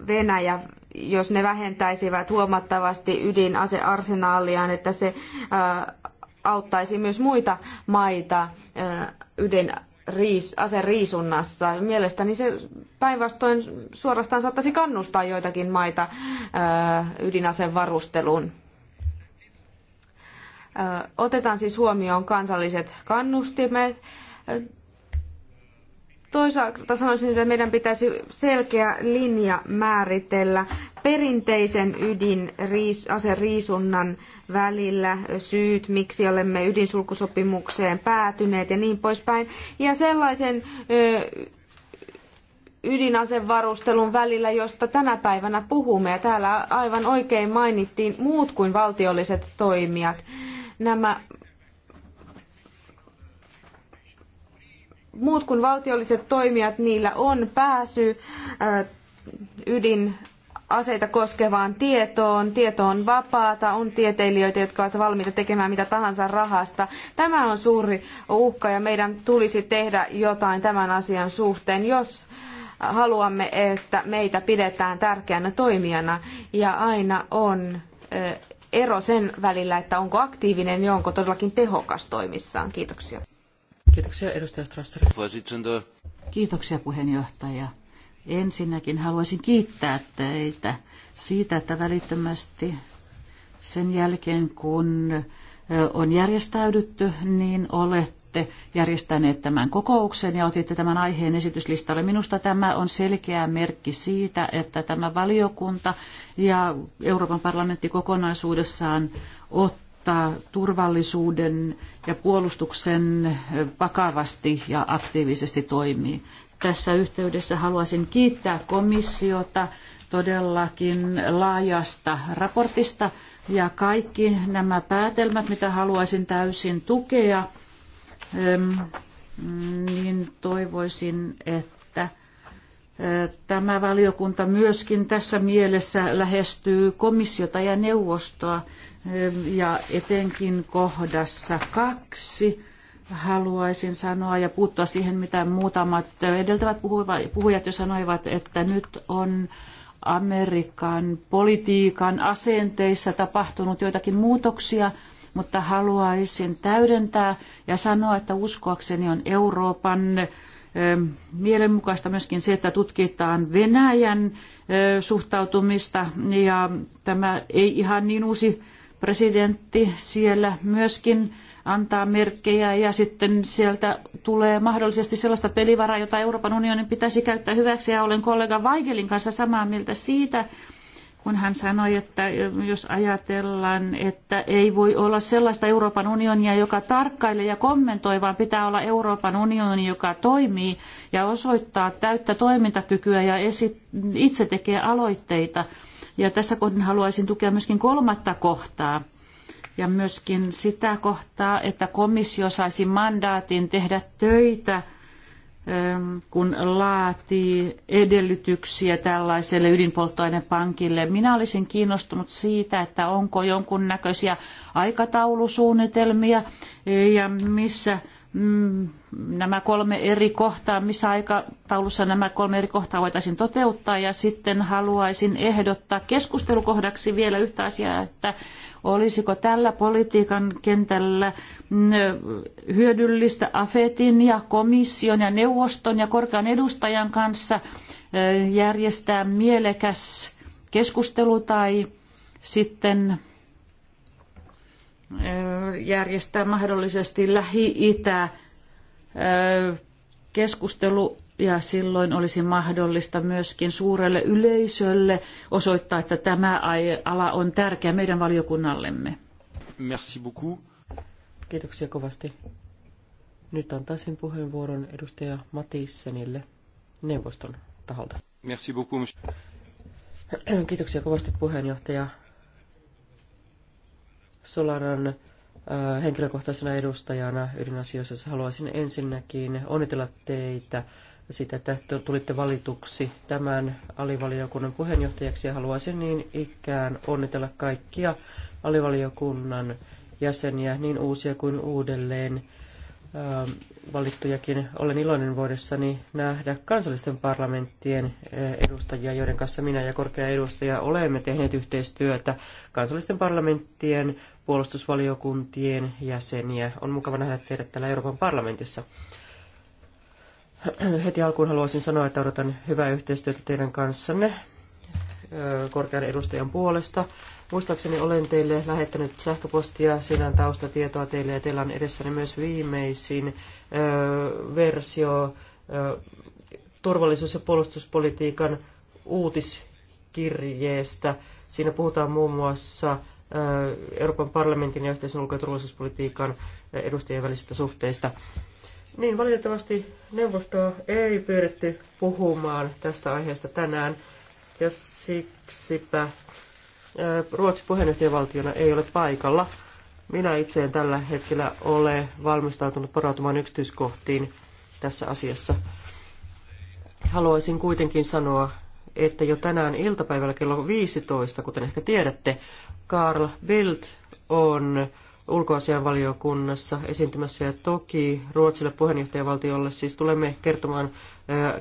Venäjä jos ne vähentäisivät huomattavasti ydinasearsenaaliaan, että se auttaisi myös muita maita ydin aseriisunnassa. Mielestäni se päinvastoin suorastaan saattaisi kannustaa joitakin maita ydinasevarusteluun. Otetaan siis huomioon kansalliset kannustimet Toisaalta sanoisin, että meidän pitäisi selkeä linja määritellä perinteisen riisunnan välillä, syyt, miksi olemme ydinsulkusopimukseen päätyneet ja niin poispäin. Ja sellaisen ydinasevarustelun välillä, josta tänä päivänä puhumme. Ja täällä aivan oikein mainittiin muut kuin valtiolliset toimijat. Nämä muut kuin valtiolliset toimijat, niillä on pääsy ydinaseita koskevaan tietoon. Tieto on vapaata, on tieteilijöitä, jotka ovat valmiita tekemään mitä tahansa rahasta. Tämä on suuri uhka ja meidän tulisi tehdä jotain tämän asian suhteen, jos haluamme, että meitä pidetään tärkeänä toimijana ja aina on ero sen välillä, että onko aktiivinen ja onko todellakin tehokas toimissaan. Kiitoksia. Kiitoksia edustaja Strasser. Kiitoksia puheenjohtaja. Ensinnäkin haluaisin kiittää teitä siitä, että välittömästi sen jälkeen kun on järjestäydytty, niin olette järjestäneet tämän kokouksen ja otitte tämän aiheen esityslistalle. Minusta tämä on selkeä merkki siitä, että tämä valiokunta ja Euroopan parlamentti kokonaisuudessaan ottaa turvallisuuden ja puolustuksen vakavasti ja aktiivisesti toimii. Tässä yhteydessä haluaisin kiittää komissiota todellakin laajasta raportista ja kaikki nämä päätelmät, mitä haluaisin täysin tukea, ehm, niin toivoisin, että eh, tämä valiokunta myöskin tässä mielessä lähestyy komissiota ja neuvostoa ja etenkin kohdassa kaksi haluaisin sanoa ja puuttua siihen, mitä muutamat edeltävät puhujat jo sanoivat, että nyt on Amerikan politiikan asenteissa tapahtunut joitakin muutoksia, mutta haluaisin täydentää ja sanoa, että uskoakseni on Euroopan mielenmukaista myöskin se, että tutkitaan Venäjän suhtautumista ja tämä ei ihan niin uusi presidentti siellä myöskin antaa merkkejä ja sitten sieltä tulee mahdollisesti sellaista pelivaraa, jota Euroopan unionin pitäisi käyttää hyväksi. Ja olen kollega Weigelin kanssa samaa mieltä siitä, kun hän sanoi, että jos ajatellaan, että ei voi olla sellaista Euroopan unionia, joka tarkkailee ja kommentoi, vaan pitää olla Euroopan unioni, joka toimii ja osoittaa täyttä toimintakykyä ja esi- itse tekee aloitteita – ja tässä kohdin haluaisin tukea myöskin kolmatta kohtaa ja myöskin sitä kohtaa, että komissio saisi mandaatin tehdä töitä ähm, kun laatii edellytyksiä tällaiselle ydinpolttoainepankille. Minä olisin kiinnostunut siitä, että onko jonkunnäköisiä aikataulusuunnitelmia ja missä Mm, nämä kolme eri kohtaa, missä aikataulussa nämä kolme eri kohtaa voitaisiin toteuttaa. Ja sitten haluaisin ehdottaa keskustelukohdaksi vielä yhtä asiaa, että olisiko tällä politiikan kentällä mm, hyödyllistä AFETin ja komission ja neuvoston ja korkean edustajan kanssa järjestää mielekäs keskustelu tai sitten järjestää mahdollisesti Lähi-Itä keskustelu ja silloin olisi mahdollista myöskin suurelle yleisölle osoittaa, että tämä ala on tärkeä meidän valiokunnallemme. Merci beaucoup. Kiitoksia kovasti. Nyt antaisin puheenvuoron edustaja Matissenille neuvoston taholta. Merci beaucoup. Kiitoksia kovasti puheenjohtaja. Solaran äh, henkilökohtaisena edustajana ydinasioissa haluaisin ensinnäkin onnitella teitä sitä, että tulitte valituksi tämän alivaliokunnan puheenjohtajaksi ja haluaisin niin ikään onnitella kaikkia alivaliokunnan jäseniä, niin uusia kuin uudelleen ähm, valittujakin. Olen iloinen vuodessani nähdä kansallisten parlamenttien äh, edustajia, joiden kanssa minä ja korkea edustaja olemme tehneet yhteistyötä kansallisten parlamenttien puolustusvaliokuntien jäseniä. On mukava nähdä teidät täällä Euroopan parlamentissa. Heti alkuun haluaisin sanoa, että odotan hyvää yhteistyötä teidän kanssanne korkean edustajan puolesta. Muistaakseni olen teille lähettänyt sähköpostia, siinä on taustatietoa teille ja teillä on edessäni myös viimeisin versio turvallisuus- ja puolustuspolitiikan uutiskirjeestä. Siinä puhutaan muun muassa Euroopan parlamentin ja yhteisen ulko- ja turvallisuuspolitiikan edustajien välisistä suhteista. Niin, valitettavasti neuvostoa ei pyydetty puhumaan tästä aiheesta tänään, ja siksipä Ruotsi puheenjohtajavaltiona ei ole paikalla. Minä itse en tällä hetkellä ole valmistautunut porautumaan yksityiskohtiin tässä asiassa. Haluaisin kuitenkin sanoa, että jo tänään iltapäivällä kello 15, kuten ehkä tiedätte, Karl Bildt on ulkoasianvaliokunnassa esiintymässä ja toki Ruotsille puheenjohtajavaltiolle siis tulemme kertomaan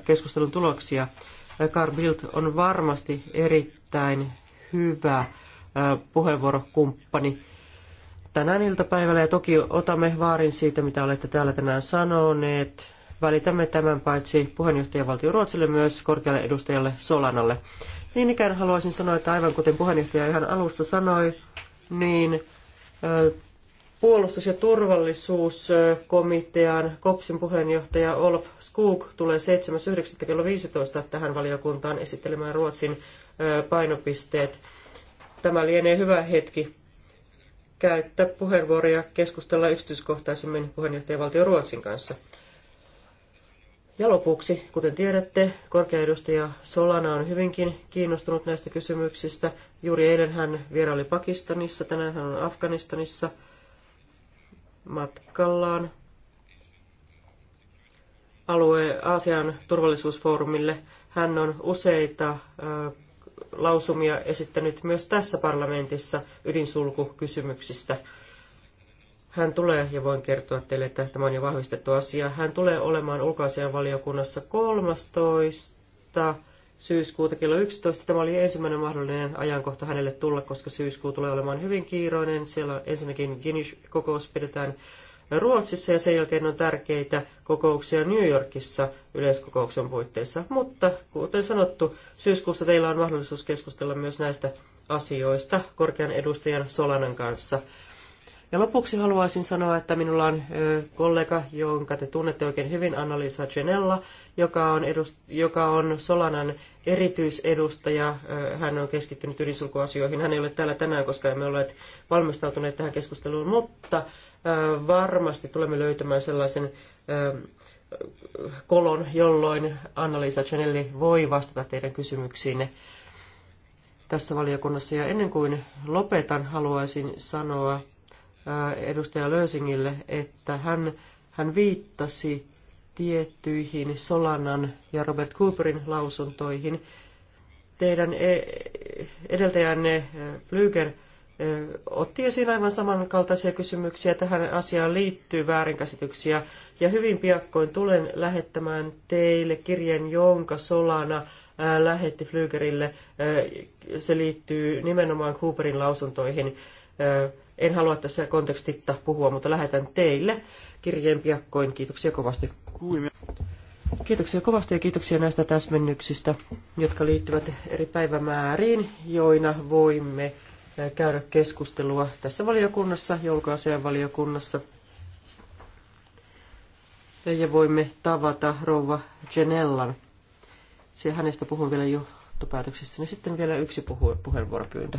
keskustelun tuloksia. Karl Bildt on varmasti erittäin hyvä puheenvuorokumppani tänään iltapäivällä ja toki otamme vaarin siitä, mitä olette täällä tänään sanoneet. Välitämme tämän paitsi puheenjohtajavaltio Ruotsille myös korkealle edustajalle Solanalle. Niin ikään haluaisin sanoa, että aivan kuten puheenjohtaja ihan alusta sanoi, niin puolustus- ja turvallisuuskomitean KOPSin puheenjohtaja Olaf Skog tulee 7.9. kello 15 tähän valiokuntaan esittelemään Ruotsin painopisteet. Tämä lienee hyvä hetki käyttää puheenvuoroja keskustella yksityiskohtaisemmin puheenjohtajavaltio Ruotsin kanssa. Ja lopuksi, kuten tiedätte, korkeaedustaja Solana on hyvinkin kiinnostunut näistä kysymyksistä. Juuri eilen hän vieraili Pakistanissa, tänään hän on Afganistanissa matkallaan alue Aasian turvallisuusfoorumille. Hän on useita lausumia esittänyt myös tässä parlamentissa ydinsulkukysymyksistä. Hän tulee, ja voin kertoa teille, että tämä on jo vahvistettu asia, hän tulee olemaan ulkoasian valiokunnassa 13 syyskuuta kello 11. Tämä oli ensimmäinen mahdollinen ajankohta hänelle tulla, koska syyskuu tulee olemaan hyvin kiiroinen. Siellä ensinnäkin Guinness-kokous pidetään Ruotsissa ja sen jälkeen on tärkeitä kokouksia New Yorkissa yleiskokouksen puitteissa. Mutta kuten sanottu, syyskuussa teillä on mahdollisuus keskustella myös näistä asioista korkean edustajan Solanan kanssa. Ja lopuksi haluaisin sanoa, että minulla on kollega, jonka te tunnette oikein hyvin, Annalisa Genella, joka on, edust- joka on Solanan erityisedustaja. Hän on keskittynyt ydinsulkuasioihin. Hän ei ole täällä tänään, koska emme ole valmistautuneet tähän keskusteluun, mutta varmasti tulemme löytämään sellaisen kolon, jolloin Annalisa Genelli voi vastata teidän kysymyksiinne tässä valiokunnassa. Ja ennen kuin lopetan, haluaisin sanoa, Äh, edustaja Lösingille, että hän, hän viittasi tiettyihin Solanan ja Robert Cooperin lausuntoihin. Teidän e, edeltäjänne äh, Flyger äh, otti esiin aivan samankaltaisia kysymyksiä tähän asiaan liittyy väärinkäsityksiä ja hyvin piakkoin tulen lähettämään teille kirjeen, jonka Solana lähetti Flygerille. Se liittyy nimenomaan Cooperin lausuntoihin. En halua tässä kontekstitta puhua, mutta lähetän teille kirjeen piakkoin. Kiitoksia kovasti. Kiitoksia kovasti ja kiitoksia näistä täsmennyksistä, jotka liittyvät eri päivämääriin, joina voimme käydä keskustelua tässä valiokunnassa, joulukaaseen valiokunnassa. Ja voimme tavata rouva Genellan. Se hänestä puhun vielä johtopäätöksessä. Niin sitten vielä yksi puheenvuoropyyntö.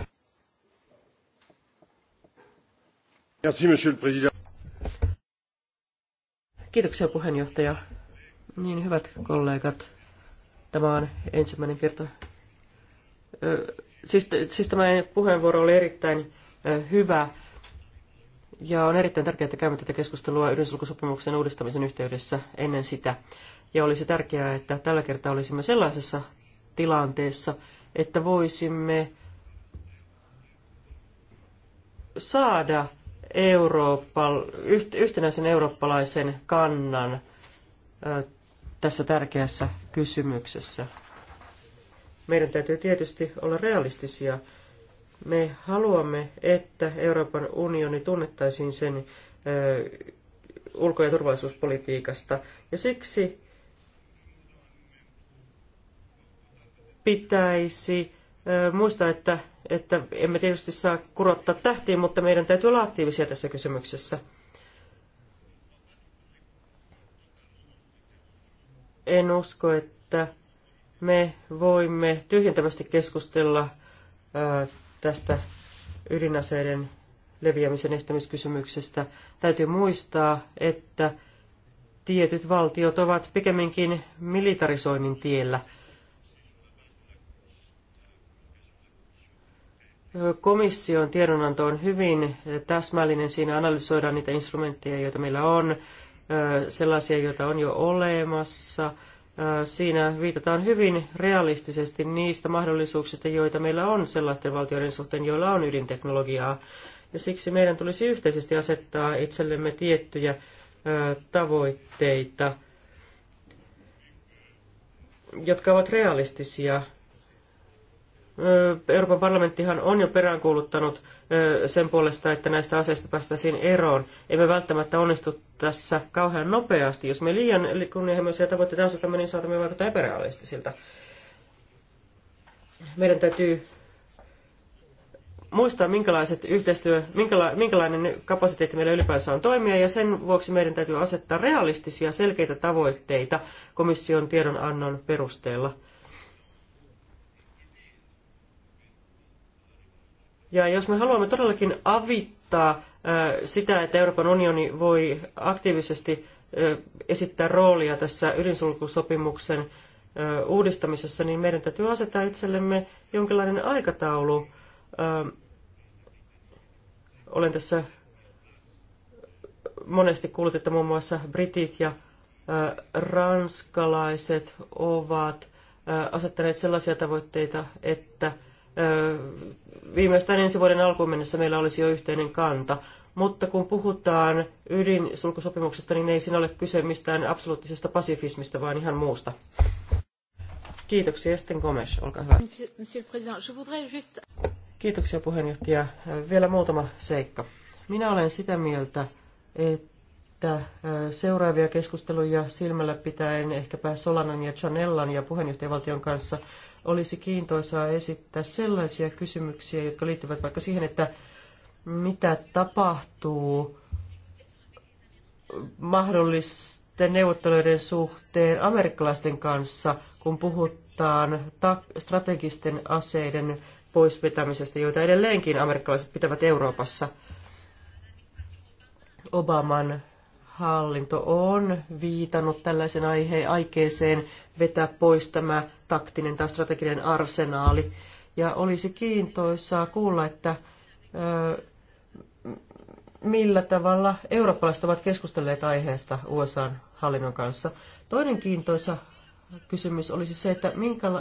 Kiitoksia puheenjohtaja. Niin, hyvät kollegat, tämä on ensimmäinen kerta. Siis, siis tämä puheenvuoro oli erittäin hyvä ja on erittäin tärkeää, että käymme tätä keskustelua ydinsulkusopimuksen uudistamisen yhteydessä ennen sitä. Ja olisi tärkeää, että tällä kertaa olisimme sellaisessa tilanteessa, että voisimme saada Eurooppa, yhtenäisen eurooppalaisen kannan tässä tärkeässä kysymyksessä. Meidän täytyy tietysti olla realistisia. Me haluamme, että Euroopan unioni tunnettaisiin sen ulko- ja turvallisuuspolitiikasta. Ja siksi pitäisi muistaa, että, että emme tietysti saa kurottaa tähtiin, mutta meidän täytyy olla aktiivisia tässä kysymyksessä. En usko, että me voimme tyhjentävästi keskustella tästä ydinaseiden leviämisen estämiskysymyksestä. Täytyy muistaa, että tietyt valtiot ovat pikemminkin militarisoinnin tiellä – Komission tiedonanto on hyvin täsmällinen. Siinä analysoidaan niitä instrumentteja, joita meillä on, sellaisia, joita on jo olemassa. Siinä viitataan hyvin realistisesti niistä mahdollisuuksista, joita meillä on sellaisten valtioiden suhteen, joilla on ydinteknologiaa. Ja siksi meidän tulisi yhteisesti asettaa itsellemme tiettyjä tavoitteita, jotka ovat realistisia Euroopan parlamenttihan on jo peräänkuuluttanut sen puolesta, että näistä aseista päästäisiin eroon. Emme välttämättä onnistu tässä kauhean nopeasti. Jos me liian kunnianhimoisia tavoitteita asetamme, niin saatamme vaikuttaa epärealistisilta. Meidän täytyy muistaa, minkälaiset yhteistyö, minkälainen kapasiteetti meillä ylipäänsä on toimia, ja sen vuoksi meidän täytyy asettaa realistisia, selkeitä tavoitteita komission tiedonannon perusteella – Ja jos me haluamme todellakin avittaa sitä, että Euroopan unioni voi aktiivisesti esittää roolia tässä ydinsulkusopimuksen uudistamisessa, niin meidän täytyy asettaa itsellemme jonkinlainen aikataulu. Olen tässä monesti kuullut, että muun muassa britit ja ranskalaiset ovat asettaneet sellaisia tavoitteita, että viimeistään ensi vuoden alkuun mennessä meillä olisi jo yhteinen kanta. Mutta kun puhutaan ydinsulkusopimuksesta, niin ei siinä ole kyse mistään absoluuttisesta pasifismista, vaan ihan muusta. Kiitoksia. Esten Gomes, olkaa hyvä. Kiitoksia puheenjohtaja. Vielä muutama seikka. Minä olen sitä mieltä, että seuraavia keskusteluja silmällä pitäen ehkäpä Solanan ja Chanellan ja puheenjohtajavaltion kanssa – olisi kiintoisaa esittää sellaisia kysymyksiä, jotka liittyvät vaikka siihen, että mitä tapahtuu mahdollisten neuvotteluiden suhteen amerikkalaisten kanssa, kun puhutaan strategisten aseiden poisvetämisestä, joita edelleenkin amerikkalaiset pitävät Euroopassa. Obaman hallinto on viitannut tällaisen aiheen aikeeseen vetää pois tämä taktinen tai strateginen arsenaali. Ja olisi kiintoisaa kuulla, että ö, millä tavalla eurooppalaiset ovat keskustelleet aiheesta USAn hallinnon kanssa. Toinen kiintoisa kysymys olisi se, että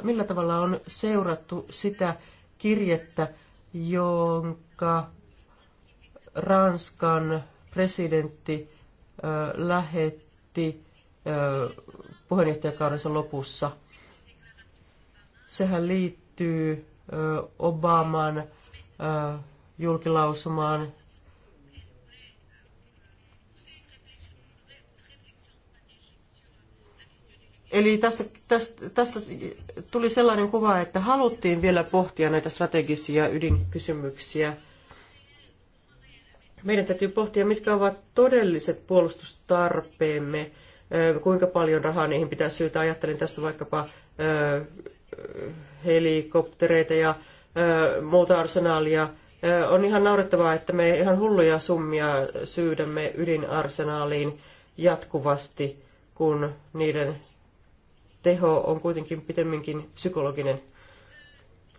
millä tavalla on seurattu sitä kirjettä, jonka Ranskan presidentti lähetti puheenjohtajakaudensa lopussa. Sehän liittyy Obaman julkilausumaan Eli tästä, tästä, tästä tuli sellainen kuva, että haluttiin vielä pohtia näitä strategisia ydinkysymyksiä meidän täytyy pohtia, mitkä ovat todelliset puolustustarpeemme, kuinka paljon rahaa niihin pitää syytä. Ajattelin tässä vaikkapa helikoptereita ja muuta arsenaalia. On ihan naurettavaa, että me ihan hulluja summia syydämme ydinarsenaaliin jatkuvasti, kun niiden teho on kuitenkin pitemminkin psykologinen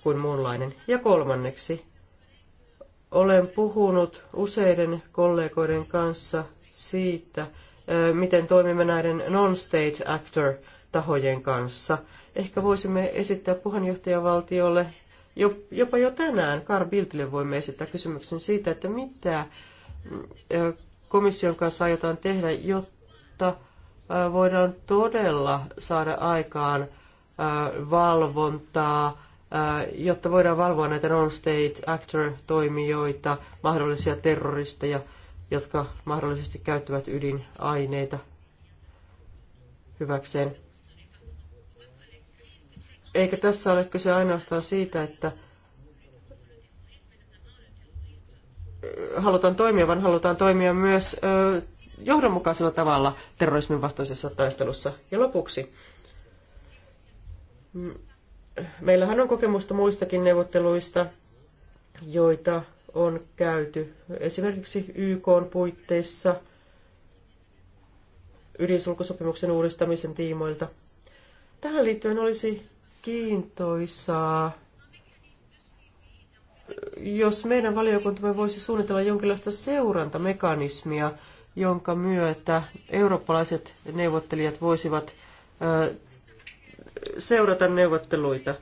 kuin muunlainen. Ja kolmanneksi, olen puhunut useiden kollegoiden kanssa siitä, miten toimimme näiden non-state actor-tahojen kanssa. Ehkä voisimme esittää puheenjohtajavaltiolle jopa jo tänään, Carl Biltille voimme esittää kysymyksen siitä, että mitä komission kanssa aiotaan tehdä, jotta voidaan todella saada aikaan valvontaa, Äh, jotta voidaan valvoa näitä non-state actor-toimijoita, mahdollisia terroristeja, jotka mahdollisesti käyttävät ydinaineita hyväkseen. Eikä tässä ole kyse ainoastaan siitä, että halutaan toimia, vaan halutaan toimia myös johdonmukaisella tavalla terrorismin vastaisessa taistelussa. Ja lopuksi meillähän on kokemusta muistakin neuvotteluista, joita on käyty esimerkiksi YK puitteissa ydinsulkusopimuksen uudistamisen tiimoilta. Tähän liittyen olisi kiintoisaa, jos meidän valiokuntamme voisi suunnitella jonkinlaista seurantamekanismia, jonka myötä eurooppalaiset neuvottelijat voisivat seurata neuvotteluita.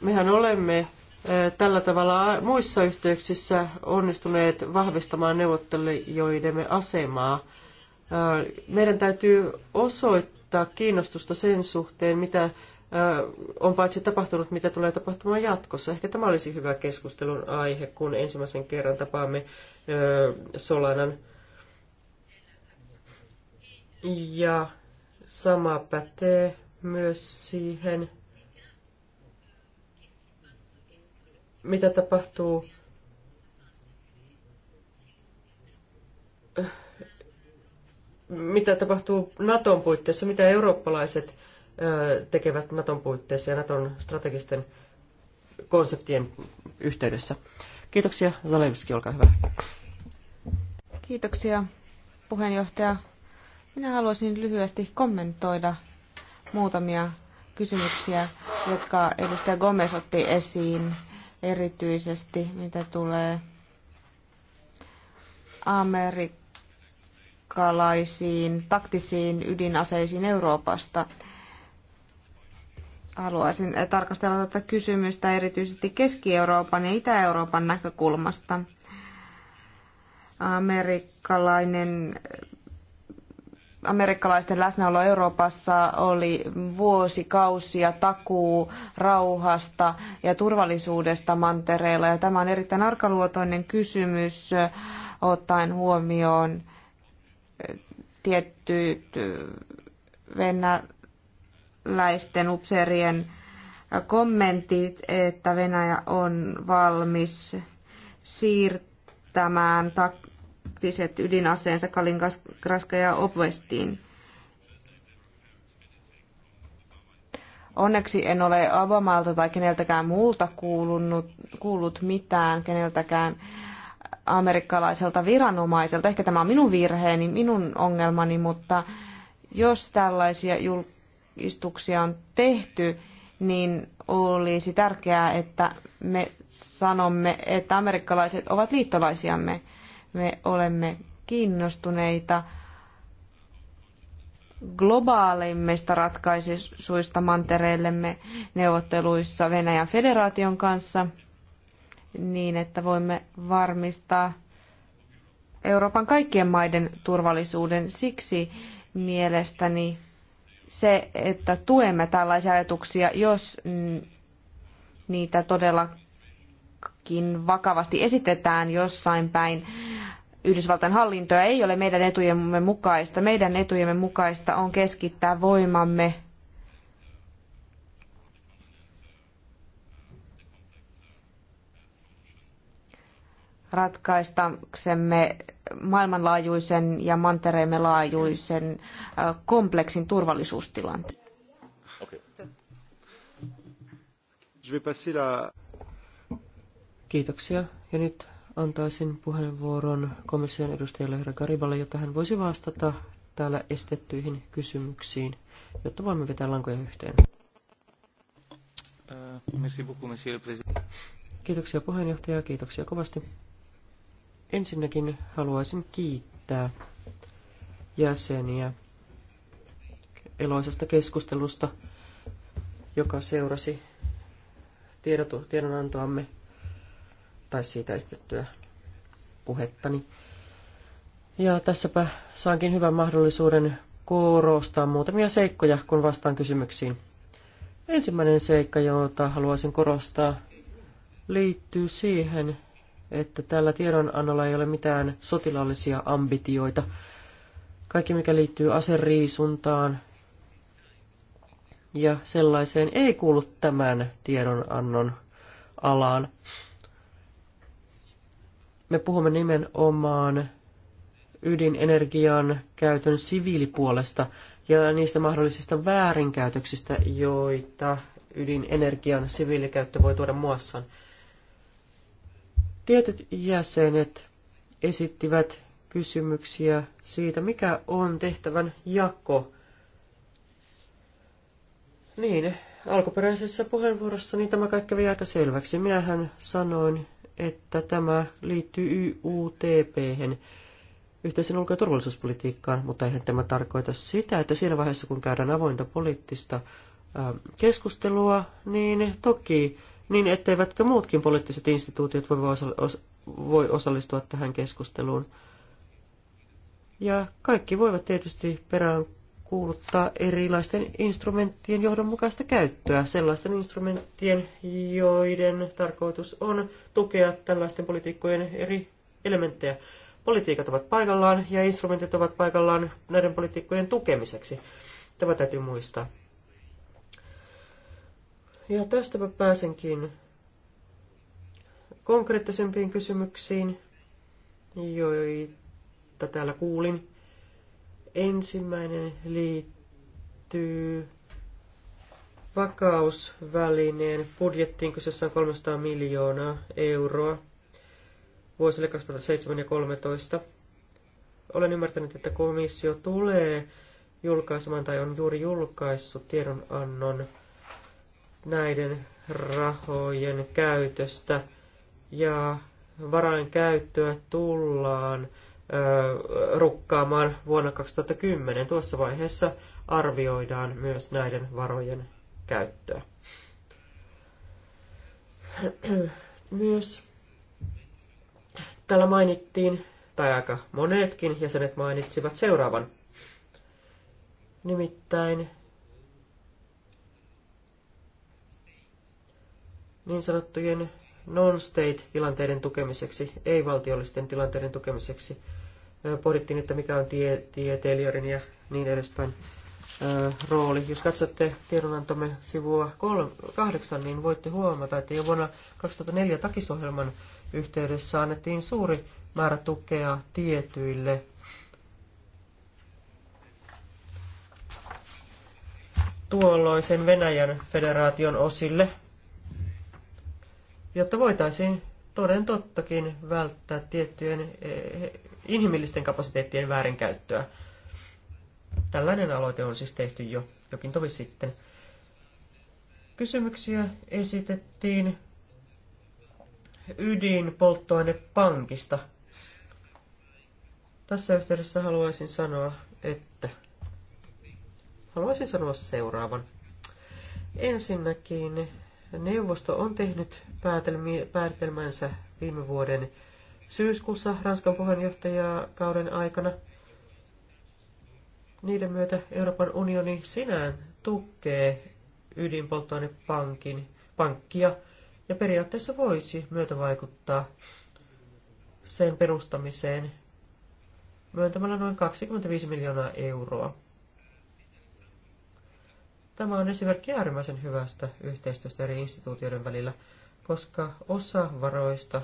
Mehän olemme tällä tavalla muissa yhteyksissä onnistuneet vahvistamaan neuvottelijoidemme asemaa. Meidän täytyy osoittaa kiinnostusta sen suhteen, mitä on paitsi tapahtunut, mitä tulee tapahtumaan jatkossa. Ehkä tämä olisi hyvä keskustelun aihe, kun ensimmäisen kerran tapaamme Solanan ja sama pätee myös siihen, mitä tapahtuu mitä tapahtuu Naton puitteissa, mitä eurooppalaiset tekevät Naton puitteissa ja Naton strategisten konseptien yhteydessä. Kiitoksia. Zalewski, olkaa hyvä. Kiitoksia puheenjohtaja minä haluaisin lyhyesti kommentoida muutamia kysymyksiä, jotka edustaja Gomez otti esiin erityisesti, mitä tulee amerikkalaisiin taktisiin ydinaseisiin Euroopasta. Haluaisin tarkastella tätä kysymystä erityisesti Keski-Euroopan ja Itä-Euroopan näkökulmasta. Amerikkalainen amerikkalaisten läsnäolo Euroopassa oli vuosikausia takuu rauhasta ja turvallisuudesta mantereella. Ja tämä on erittäin arkaluotoinen kysymys ottaen huomioon eh, tiettyt eh, venäläisten upseerien eh, kommentit, että Venäjä on valmis siirtämään tak- taktiset ydinaseensa Kalinkaskraska ja Obvestiin. Onneksi en ole Obamalta tai keneltäkään muulta kuulunut, kuullut mitään, keneltäkään amerikkalaiselta viranomaiselta. Ehkä tämä on minun virheeni, minun ongelmani, mutta jos tällaisia julkistuksia on tehty, niin olisi tärkeää, että me sanomme, että amerikkalaiset ovat liittolaisiamme. Me olemme kiinnostuneita globaalimmista ratkaisuista mantereellemme neuvotteluissa Venäjän federaation kanssa niin, että voimme varmistaa Euroopan kaikkien maiden turvallisuuden. Siksi mielestäni se, että tuemme tällaisia ajatuksia, jos niitä todella kuitenkin vakavasti esitetään jossain päin Yhdysvaltain hallintoa, ei ole meidän etujemme mukaista. Meidän etujemme mukaista on keskittää voimamme ratkaistaksemme maailmanlaajuisen ja mantereemme laajuisen äh, kompleksin turvallisuustilanteen. Okay. Kiitoksia. Ja nyt antaisin puheenvuoron komission edustajalle herra Gariballe, jotta hän voisi vastata täällä estettyihin kysymyksiin, jotta voimme vetää lankoja yhteen. Äh, kiitoksia puheenjohtaja, kiitoksia kovasti. Ensinnäkin haluaisin kiittää jäseniä eloisesta keskustelusta, joka seurasi tiedonantoamme tai siitä esitettyä puhettani. Ja tässäpä saankin hyvän mahdollisuuden korostaa muutamia seikkoja, kun vastaan kysymyksiin. Ensimmäinen seikka, jota haluaisin korostaa, liittyy siihen, että tällä tiedonannolla ei ole mitään sotilaallisia ambitioita. Kaikki, mikä liittyy aseriisuntaan ja sellaiseen, ei kuulu tämän tiedonannon alaan. Me puhumme nimenomaan ydinenergian käytön siviilipuolesta ja niistä mahdollisista väärinkäytöksistä, joita ydinenergian siviilikäyttö voi tuoda muassaan. Tietyt jäsenet esittivät kysymyksiä siitä, mikä on tehtävän jako. Niin, alkuperäisessä niin tämä kaikki vielä aika selväksi. Minähän sanoin, että tämä liittyy UTP, yhteisen ulko- ja turvallisuuspolitiikkaan, mutta eihän tämä tarkoita sitä, että siinä vaiheessa kun käydään avointa poliittista keskustelua, niin toki, niin etteivätkö muutkin poliittiset instituutiot voi osallistua tähän keskusteluun. Ja kaikki voivat tietysti perään kuuluttaa erilaisten instrumenttien johdonmukaista käyttöä, sellaisten instrumenttien, joiden tarkoitus on tukea tällaisten politiikkojen eri elementtejä. Politiikat ovat paikallaan ja instrumentit ovat paikallaan näiden politiikkojen tukemiseksi. Tämä täytyy muistaa. Ja tästä mä pääsenkin konkreettisempiin kysymyksiin, joita täällä kuulin. Ensimmäinen liittyy vakausvälineen budjettiin. Kyseessä on 300 miljoonaa euroa vuosille 2007 ja 2013. Olen ymmärtänyt, että komissio tulee julkaisemaan tai on juuri julkaissut tiedonannon näiden rahojen käytöstä ja varain käyttöä tullaan rukkaamaan vuonna 2010. Tuossa vaiheessa arvioidaan myös näiden varojen käyttöä. Myös täällä mainittiin, tai aika monetkin jäsenet mainitsivat seuraavan. Nimittäin niin sanottujen non-state-tilanteiden tukemiseksi, ei-valtiollisten tilanteiden tukemiseksi – pohdittiin, että mikä on tie, tieteilijöiden ja niin edespäin rooli. Jos katsotte tiedonantomme sivua 8, niin voitte huomata, että jo vuonna 2004 takisohjelman yhteydessä annettiin suuri määrä tukea tietyille tuolloisen Venäjän federaation osille, jotta voitaisiin toden tottakin välttää tiettyjen eh, inhimillisten kapasiteettien väärinkäyttöä. Tällainen aloite on siis tehty jo jokin tovi sitten. Kysymyksiä esitettiin ydinpolttoainepankista. Tässä yhteydessä haluaisin sanoa, että haluaisin sanoa seuraavan. Ensinnäkin Neuvosto on tehnyt päätelmänsä viime vuoden syyskuussa Ranskan puheenjohtajakauden aikana. Niiden myötä Euroopan unioni sinään tukee ydinpolttoainepankin pankkia ja periaatteessa voisi myötävaikuttaa sen perustamiseen myöntämällä noin 25 miljoonaa euroa. Tämä on esimerkki äärimmäisen hyvästä yhteistyöstä eri instituutioiden välillä, koska osa varoista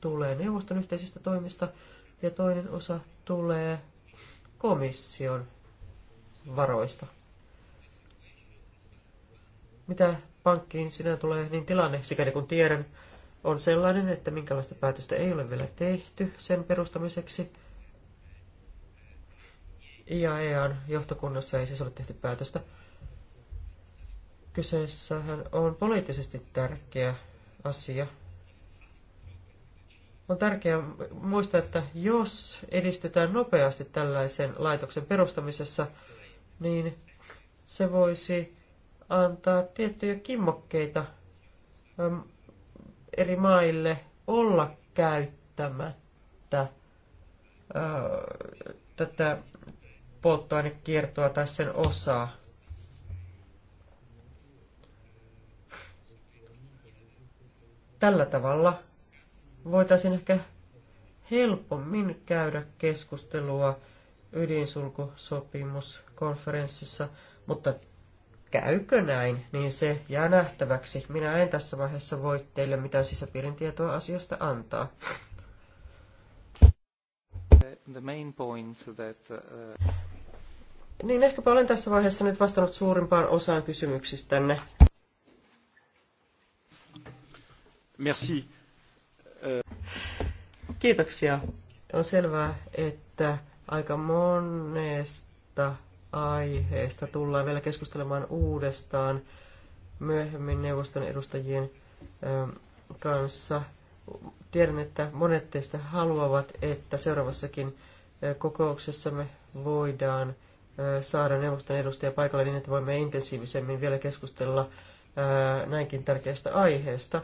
tulee neuvoston yhteisistä toimista ja toinen osa tulee komission varoista. Mitä pankkiin sinä tulee, niin tilanne, sikäli kun tiedän, on sellainen, että minkälaista päätöstä ei ole vielä tehty sen perustamiseksi. IAEAn johtokunnassa ei siis ole tehty päätöstä. Kyseessähän on poliittisesti tärkeä asia. On tärkeää muistaa, että jos edistytään nopeasti tällaisen laitoksen perustamisessa, niin se voisi antaa tiettyjä kimmokkeita eri maille olla käyttämättä äh, tätä polttoainekiertoa tai sen osaa. Tällä tavalla voitaisiin ehkä helpommin käydä keskustelua ydinsulkusopimuskonferenssissa, mutta käykö näin, niin se jää nähtäväksi. Minä en tässä vaiheessa voi teille mitään sisäpiirin tietoa asiasta antaa. The main point that, uh... Niin ehkäpä olen tässä vaiheessa nyt vastannut suurimpaan osaan kysymyksistänne. Merci. Kiitoksia. On selvää, että aika monesta aiheesta tullaan vielä keskustelemaan uudestaan myöhemmin neuvoston edustajien ähm, kanssa. Tiedän, että monet teistä haluavat, että seuraavassakin äh, kokouksessa me voidaan äh, saada neuvoston edustaja paikalle niin, että voimme intensiivisemmin vielä keskustella äh, näinkin tärkeästä aiheesta.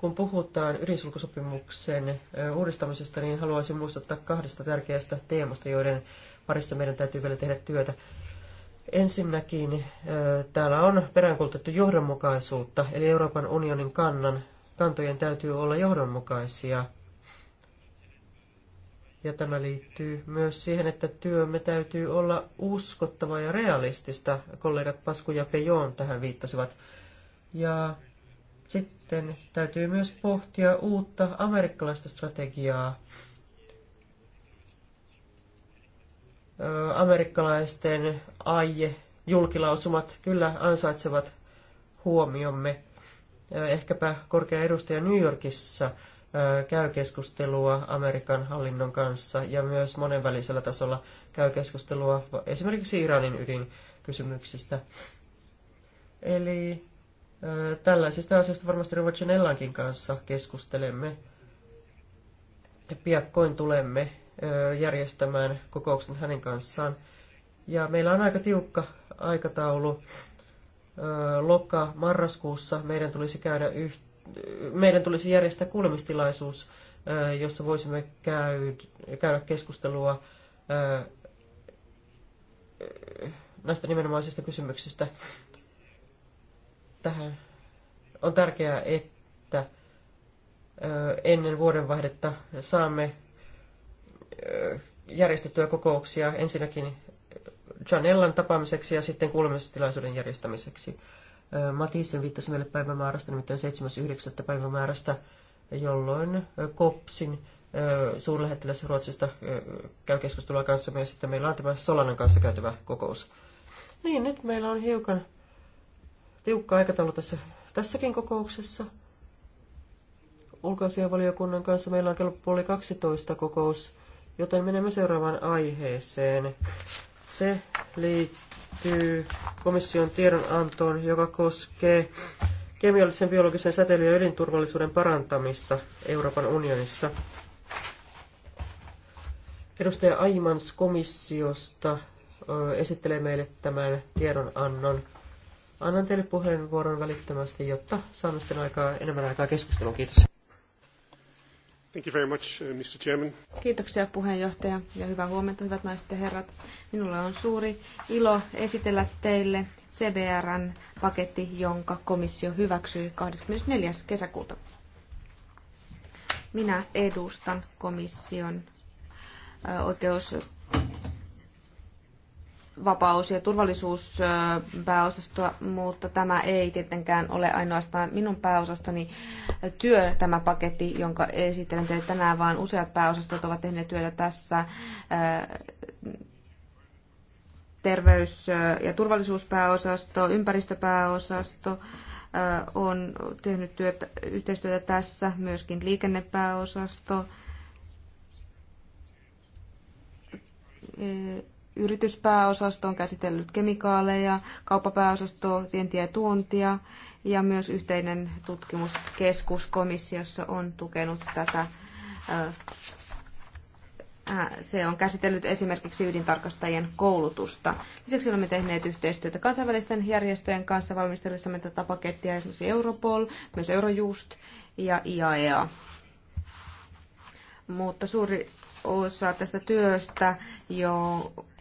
Kun puhutaan ydinsulkusopimuksen uudistamisesta, niin haluaisin muistuttaa kahdesta tärkeästä teemasta, joiden parissa meidän täytyy vielä tehdä työtä. Ensinnäkin täällä on peräänkuulutettu johdonmukaisuutta, eli Euroopan unionin kannan, kantojen täytyy olla johdonmukaisia. Ja tämä liittyy myös siihen, että työmme täytyy olla uskottavaa ja realistista. Kollegat Pasku ja Pejoon tähän viittasivat. Ja sitten täytyy myös pohtia uutta amerikkalaista strategiaa. Amerikkalaisten aie julkilausumat kyllä ansaitsevat huomiomme. Ehkäpä korkea edustaja New Yorkissa käy keskustelua Amerikan hallinnon kanssa ja myös monenvälisellä tasolla käy keskustelua esimerkiksi Iranin ydinkysymyksistä. Eli Tällaisista asioista varmasti Ruotsinellaankin kanssa keskustelemme. Piakkoin tulemme järjestämään kokouksen hänen kanssaan. Ja meillä on aika tiukka aikataulu. Lokka marraskuussa meidän tulisi käydä yht... meidän tulisi järjestää kuulemistilaisuus, jossa voisimme käydä keskustelua näistä nimenomaisista kysymyksistä tähän on tärkeää, että ennen vuodenvaihdetta saamme järjestettyä kokouksia ensinnäkin Janellan tapaamiseksi ja sitten kuulemistilaisuuden järjestämiseksi. Matiisen viittasi meille päivämäärästä, nimittäin 7.9. päivämäärästä, jolloin Kopsin suurlähettiläs Ruotsista käy keskustelua kanssamme ja sitten meillä on tämä Solanan kanssa käytävä kokous. Niin, nyt meillä on hiukan tiukka aikataulu tässä, tässäkin kokouksessa. Ulkoasianvaliokunnan kanssa meillä on kello puoli 12 kokous, joten menemme seuraavaan aiheeseen. Se liittyy komission tiedonantoon, joka koskee kemiallisen, biologisen säteilyn ja ydinturvallisuuden parantamista Euroopan unionissa. Edustaja Aimans komissiosta esittelee meille tämän tiedonannon. Annan teille puheenvuoron välittömästi, jotta saamme sitten aikaa, enemmän aikaa keskusteluun. Kiitos. Thank you very much, uh, Mr. Chairman. Kiitoksia puheenjohtaja ja hyvää huomenta, hyvät naiset ja herrat. Minulla on suuri ilo esitellä teille CBRn paketti, jonka komissio hyväksyi 24. kesäkuuta. Minä edustan komission oikeus vapaus- ja turvallisuuspääosastoa, mutta tämä ei tietenkään ole ainoastaan minun pääosastoni työ, tämä paketti, jonka esittelen teille tänään, vaan useat pääosastot ovat tehneet työtä tässä äh, terveys- ja turvallisuuspääosasto, ympäristöpääosasto äh, on tehnyt työtä, yhteistyötä tässä, myöskin liikennepääosasto äh, yrityspääosasto on käsitellyt kemikaaleja, kauppapääosasto vientiä ja tuontia ja myös yhteinen tutkimuskeskus komissiossa on tukenut tätä. Se on käsitellyt esimerkiksi ydintarkastajien koulutusta. Lisäksi olemme tehneet yhteistyötä kansainvälisten järjestöjen kanssa valmistellessamme tätä pakettia, esimerkiksi Europol, myös Eurojust ja IAEA. E Mutta suuri osa tästä työstä, jo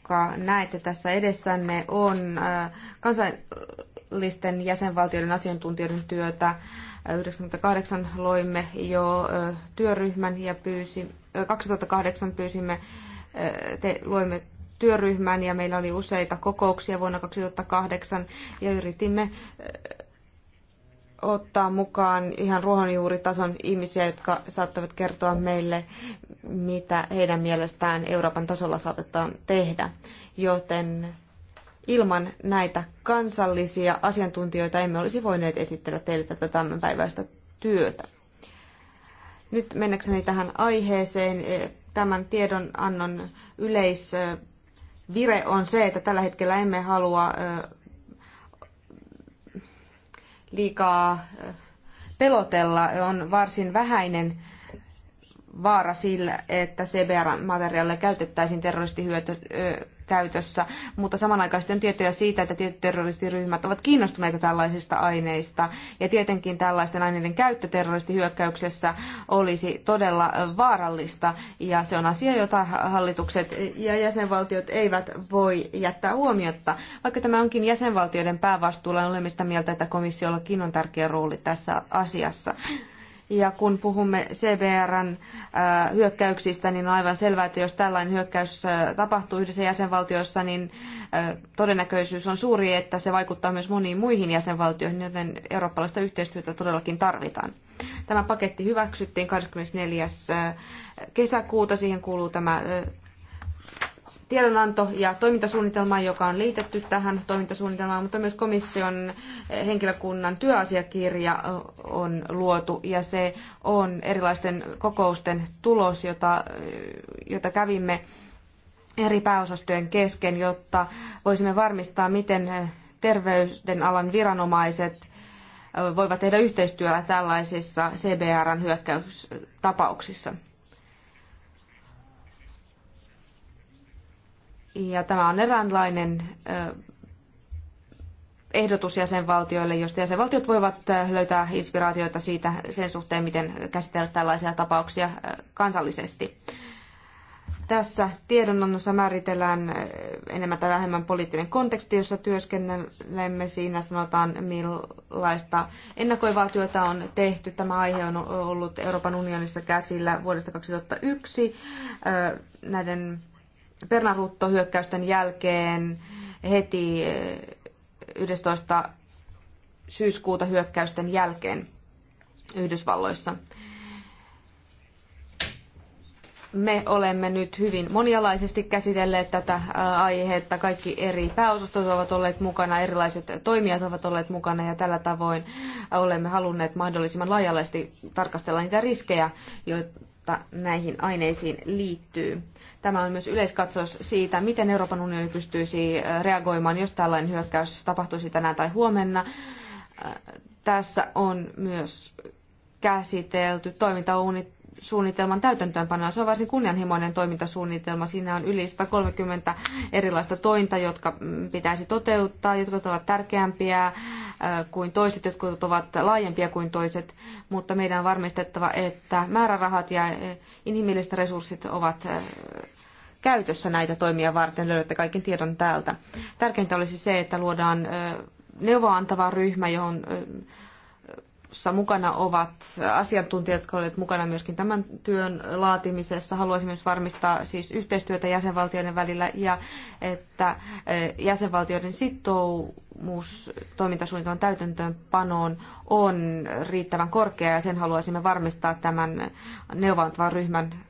jonka näette tässä edessänne, on äh, kansallisten jäsenvaltioiden asiantuntijoiden työtä. 1998 äh, loimme jo äh, työryhmän ja pyysi, 2008 pyysimme, te, loimme työryhmän ja meillä oli useita kokouksia vuonna 2008 ja yritimme ottaa mukaan ihan ruohonjuuritason ihmisiä, jotka saattavat kertoa meille, mitä heidän mielestään Euroopan tasolla saatetaan tehdä. Joten ilman näitä kansallisia asiantuntijoita emme olisi voineet esitellä teille tätä tämänpäiväistä työtä. Nyt mennäkseni tähän aiheeseen. E, tämän tiedonannon yleisvire on se, että tällä hetkellä emme halua e, liikaa e, pelotella. On varsin vähäinen vaara sillä, että CBR-materiaalia käytettäisiin terroristihyötykäytössä, mutta samanaikaisesti on tietoja siitä, että tietyt terroristiryhmät ovat kiinnostuneita tällaisista aineista. Ja tietenkin tällaisten aineiden käyttö terroristihyökkäyksessä olisi todella vaarallista, ja se on asia, jota hallitukset ja jäsenvaltiot eivät voi jättää huomiotta. Vaikka tämä onkin jäsenvaltioiden päävastuulla, olemme sitä mieltä, että komissiollakin on tärkeä rooli tässä asiassa. Ja kun puhumme CBRn äh, hyökkäyksistä, niin on aivan selvää, että jos tällainen hyökkäys äh, tapahtuu yhdessä jäsenvaltiossa, niin äh, todennäköisyys on suuri, että se vaikuttaa myös moniin muihin jäsenvaltioihin, joten eurooppalaista yhteistyötä todellakin tarvitaan. Tämä paketti hyväksyttiin 24. kesäkuuta. Siihen kuuluu tämä tiedonanto- ja toimintasuunnitelma, joka on liitetty tähän toimintasuunnitelmaan, mutta myös komission eh, henkilökunnan työasiakirja eh, on luotu ja se on erilaisten kokousten tulos, jota, eh, jota kävimme eri pääosastojen kesken, jotta voisimme varmistaa, miten terveydenalan viranomaiset voivat tehdä yhteistyötä tällaisissa CBRn hyökkäystapauksissa. Ja tämä on eräänlainen ehdotus jäsenvaltioille, josta jäsenvaltiot voivat löytää inspiraatioita siitä sen suhteen, miten käsitellä tällaisia tapauksia kansallisesti. Tässä tiedonannossa määritellään enemmän tai vähemmän poliittinen konteksti, jossa työskennellemme. Siinä sanotaan, millaista ennakoivaa työtä on tehty. Tämä aihe on ollut Euroopan unionissa käsillä vuodesta 2001 näiden Pernaruutto-hyökkäysten jälkeen heti 11. Eh, syyskuuta hyökkäysten jälkeen Yhdysvalloissa. Me olemme nyt hyvin monialaisesti käsitelleet tätä eh, aihetta. Kaikki eri pääosastot ovat olleet mukana, erilaiset toimijat ovat olleet mukana ja tällä tavoin olemme halunneet mahdollisimman laajalaisesti tarkastella niitä riskejä, joita näihin aineisiin liittyy. Tämä on myös yleiskatsaus siitä, miten Euroopan unioni pystyisi reagoimaan, jos tällainen hyökkäys tapahtuisi tänään tai huomenna. Tässä on myös käsitelty toimintauunnitelmaa suunnitelman täytäntöönpanoa. Se on varsin kunnianhimoinen toimintasuunnitelma. Siinä on yli 130 erilaista tointa, jotka mm, pitäisi toteuttaa. Jotkut ovat tärkeämpiä kuin toiset, jotkut ovat laajempia kuin toiset, mutta meidän on varmistettava, että määrärahat ja inhimilliset resurssit ovat käytössä näitä toimia varten. Löydätte kaiken tiedon täältä. Tärkeintä olisi se, että luodaan neuvoantava ryhmä, johon jossa mukana ovat asiantuntijat, jotka olivat mukana myöskin tämän työn laatimisessa. Haluaisin myös varmistaa siis yhteistyötä jäsenvaltioiden välillä ja että e, jäsenvaltioiden sitoumus toimintasuunnitelman täytäntöönpanoon on riittävän korkea ja sen haluaisimme varmistaa tämän neuvontavan ryhmän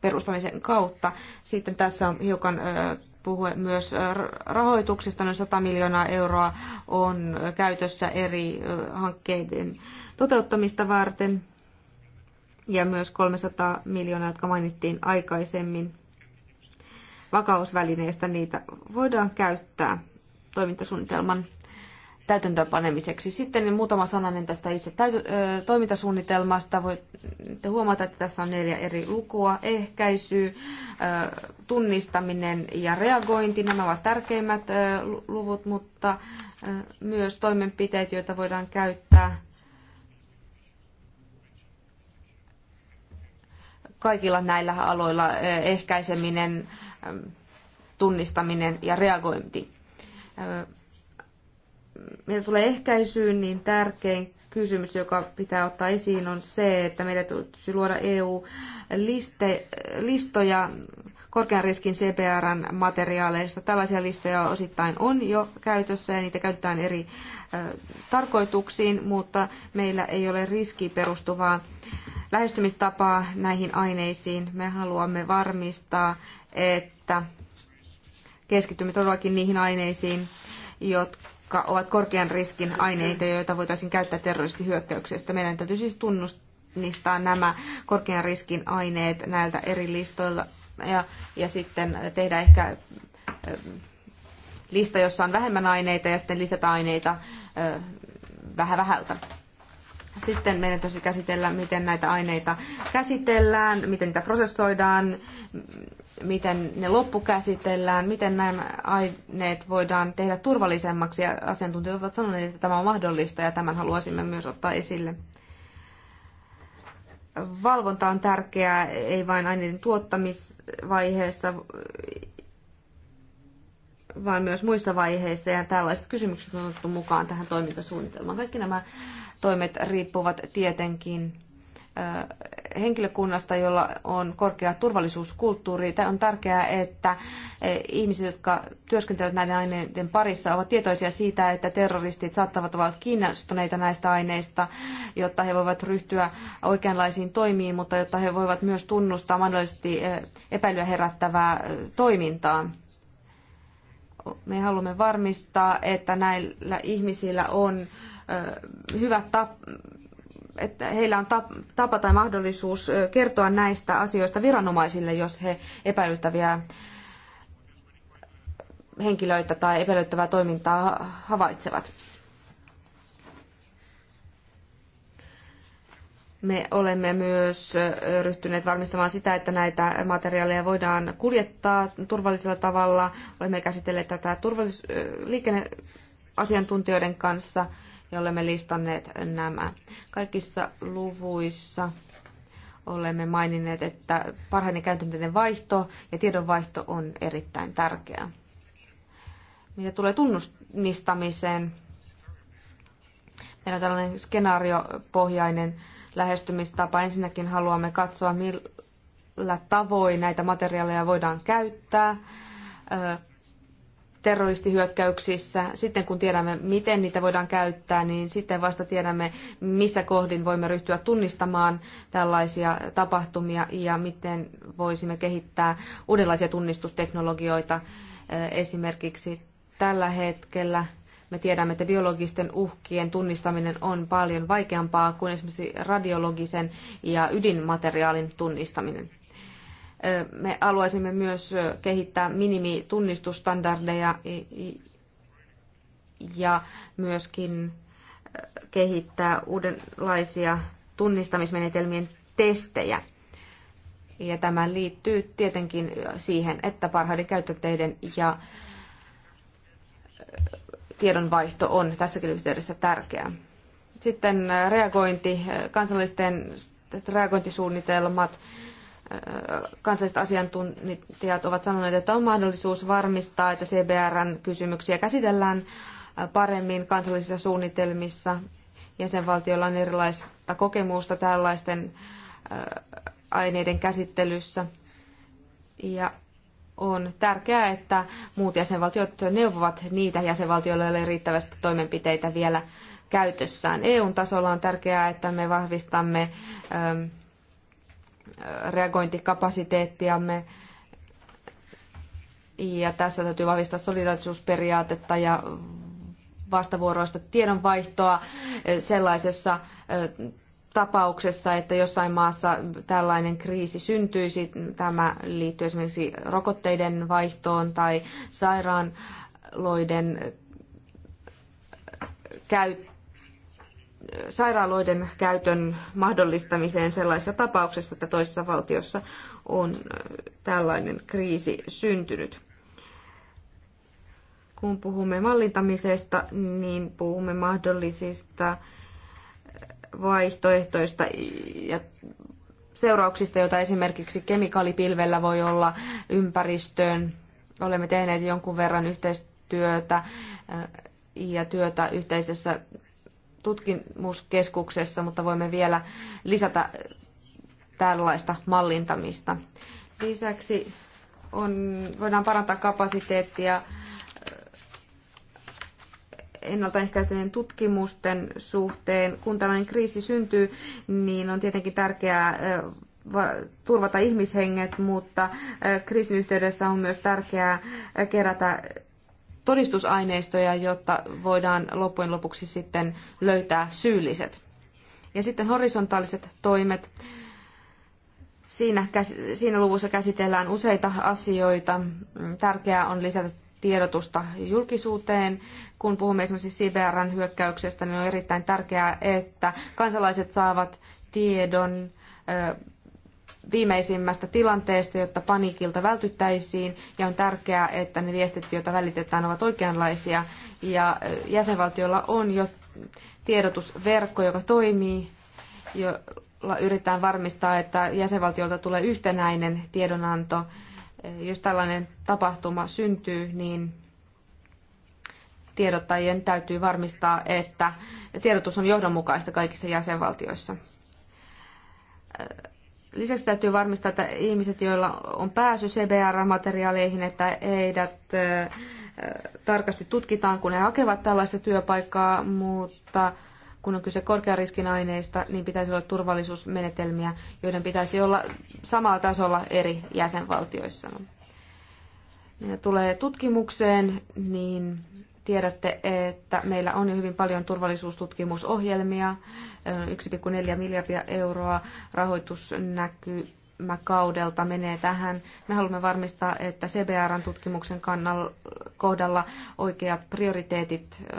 perustamisen kautta. Sitten tässä on hiukan e, puhua myös äh, rahoituksesta. Noin 100 miljoonaa euroa on käytössä eri äh, hankkeiden toteuttamista varten ja myös 300 miljoonaa, jotka mainittiin aikaisemmin vakausvälineistä, niitä voidaan käyttää toimintasuunnitelman täytäntöönpanemiseksi. Sitten muutama sananen tästä itse toimintasuunnitelmasta. Voitte huomata, että tässä on neljä eri lukua. Ehkäisy, tunnistaminen ja reagointi, nämä ovat tärkeimmät luvut, mutta myös toimenpiteet, joita voidaan käyttää kaikilla näillä aloilla, ehkäiseminen, tunnistaminen ja reagointi mitä tulee ehkäisyyn, niin tärkein kysymys, joka pitää ottaa esiin, on se, että meidän tulisi luoda EU-listoja korkean riskin CPRn materiaaleista. Tällaisia listoja osittain on jo käytössä ja niitä käytetään eri tarkoituksiin, mutta meillä ei ole riski perustuvaa lähestymistapaa näihin aineisiin. Me haluamme varmistaa, että keskitymme todellakin niihin aineisiin, jotka jotka ovat korkean riskin aineita, joita voitaisiin käyttää terroristihyökkäyksestä. Meidän täytyy siis tunnistaa nämä korkean riskin aineet näiltä eri listoilla ja, ja sitten tehdä ehkä lista, jossa on vähemmän aineita ja sitten lisätä aineita vähän vähältä. Sitten meidän tosi käsitellä, miten näitä aineita käsitellään, miten niitä prosessoidaan, miten ne loppukäsitellään, miten nämä aineet voidaan tehdä turvallisemmaksi. Ja asiantuntijat ovat sanoneet, että tämä on mahdollista ja tämän haluaisimme myös ottaa esille. Valvonta on tärkeää, ei vain aineiden tuottamisvaiheessa, vaan myös muissa vaiheissa. Ja tällaiset kysymykset on otettu mukaan tähän toimintasuunnitelmaan. Kaikki nämä toimet riippuvat tietenkin henkilökunnasta, jolla on korkea turvallisuuskulttuuri. On tärkeää, että e, ihmiset, jotka työskentelevät näiden aineiden parissa, ovat tietoisia siitä, että terroristit saattavat olla kiinnostuneita näistä aineista, jotta he voivat ryhtyä oikeanlaisiin toimiin, mutta jotta he voivat myös tunnustaa mahdollisesti e, epäilyä herättävää e, toimintaa me haluamme varmistaa, että näillä ihmisillä on hyvät että heillä on tapa tai mahdollisuus kertoa näistä asioista viranomaisille, jos he epäilyttäviä henkilöitä tai epäilyttävää toimintaa havaitsevat. Me olemme myös ryhtyneet varmistamaan sitä, että näitä materiaaleja voidaan kuljettaa turvallisella tavalla. Olemme käsitelleet tätä turvallis- liikenneasiantuntijoiden kanssa – ja olemme listanneet nämä. Kaikissa luvuissa olemme maininneet, että parhainen käytänteiden vaihto ja tiedonvaihto on erittäin tärkeää. Mitä tulee tunnustamiseen, meillä on tällainen skenaariopohjainen lähestymistapa. Ensinnäkin haluamme katsoa, millä tavoin näitä materiaaleja voidaan käyttää, terroristihyökkäyksissä. Sitten kun tiedämme, miten niitä voidaan käyttää, niin sitten vasta tiedämme, missä kohdin voimme ryhtyä tunnistamaan tällaisia tapahtumia ja miten voisimme kehittää uudenlaisia tunnistusteknologioita. Äh, esimerkiksi tällä hetkellä me tiedämme, että biologisten uhkien tunnistaminen on paljon vaikeampaa kuin esimerkiksi radiologisen ja ydinmateriaalin tunnistaminen. Me haluaisimme myös kehittää minimitunnistustandardeja ja myöskin kehittää uudenlaisia tunnistamismenetelmien testejä. Ja tämä liittyy tietenkin siihen, että parhaiden käyttöteiden ja tiedonvaihto on tässäkin yhteydessä tärkeää. Sitten reagointi, kansallisten reagointisuunnitelmat, kansalliset asiantuntijat ovat sanoneet, että on mahdollisuus varmistaa, että CBRn kysymyksiä käsitellään paremmin kansallisissa suunnitelmissa. Jäsenvaltioilla on erilaista kokemusta tällaisten äh, aineiden käsittelyssä. Ja on tärkeää, että muut jäsenvaltiot neuvovat niitä jäsenvaltioille joilla ei riittävästi toimenpiteitä vielä käytössään. EUn tasolla on tärkeää, että me vahvistamme ähm, reagointikapasiteettiamme. Ja tässä täytyy vahvistaa solidaarisuusperiaatetta ja vastavuoroista tiedonvaihtoa eh, sellaisessa eh, tapauksessa, että jossain maassa tällainen kriisi syntyisi. Tämä liittyy esimerkiksi rokotteiden vaihtoon tai sairaaloiden eh, käyttöön sairaaloiden käytön mahdollistamiseen sellaisessa tapauksessa, että toisessa valtiossa on tällainen kriisi syntynyt. Kun puhumme mallintamisesta, niin puhumme mahdollisista vaihtoehtoista ja seurauksista, joita esimerkiksi kemikaalipilvellä voi olla ympäristöön. Olemme tehneet jonkun verran yhteistyötä ja työtä yhteisessä tutkimuskeskuksessa, mutta voimme vielä lisätä tällaista mallintamista. Lisäksi on, voidaan parantaa kapasiteettia eh, ennaltaehkäisten tutkimusten suhteen. Kun tällainen kriisi syntyy, niin on tietenkin tärkeää eh, turvata ihmishenget, mutta eh, kriisin yhteydessä on myös tärkeää kerätä todistusaineistoja, jotta voidaan loppujen lopuksi sitten löytää syylliset. Ja sitten horisontaaliset toimet. Siinä, siinä luvussa käsitellään useita asioita. Tärkeää on lisätä tiedotusta julkisuuteen. Kun puhumme esimerkiksi CBRn hyökkäyksestä, niin on erittäin tärkeää, että kansalaiset saavat tiedon viimeisimmästä tilanteesta, jotta paniikilta vältyttäisiin. Ja on tärkeää, että ne viestit, joita välitetään, ovat oikeanlaisia. Ja jäsenvaltiolla on jo tiedotusverkko, joka toimii, jolla yritetään varmistaa, että jäsenvaltiolta tulee yhtenäinen tiedonanto. Jos tällainen tapahtuma syntyy, niin tiedottajien täytyy varmistaa, että tiedotus on johdonmukaista kaikissa jäsenvaltioissa. Lisäksi täytyy varmistaa, että ihmiset, joilla on pääsy CBR-materiaaleihin, että heidät tarkasti tutkitaan, kun he hakevat tällaista työpaikkaa, mutta kun on kyse korkeariskin aineista, niin pitäisi olla turvallisuusmenetelmiä, joiden pitäisi olla samalla tasolla eri jäsenvaltioissa. Ja tulee tutkimukseen, niin Tiedätte, että meillä on jo hyvin paljon turvallisuustutkimusohjelmia, 1,4 eh, miljardia euroa rahoitus näkyy kaudelta menee tähän. Me haluamme varmistaa, että CBRn tutkimuksen kannalla, kohdalla oikeat prioriteetit eh,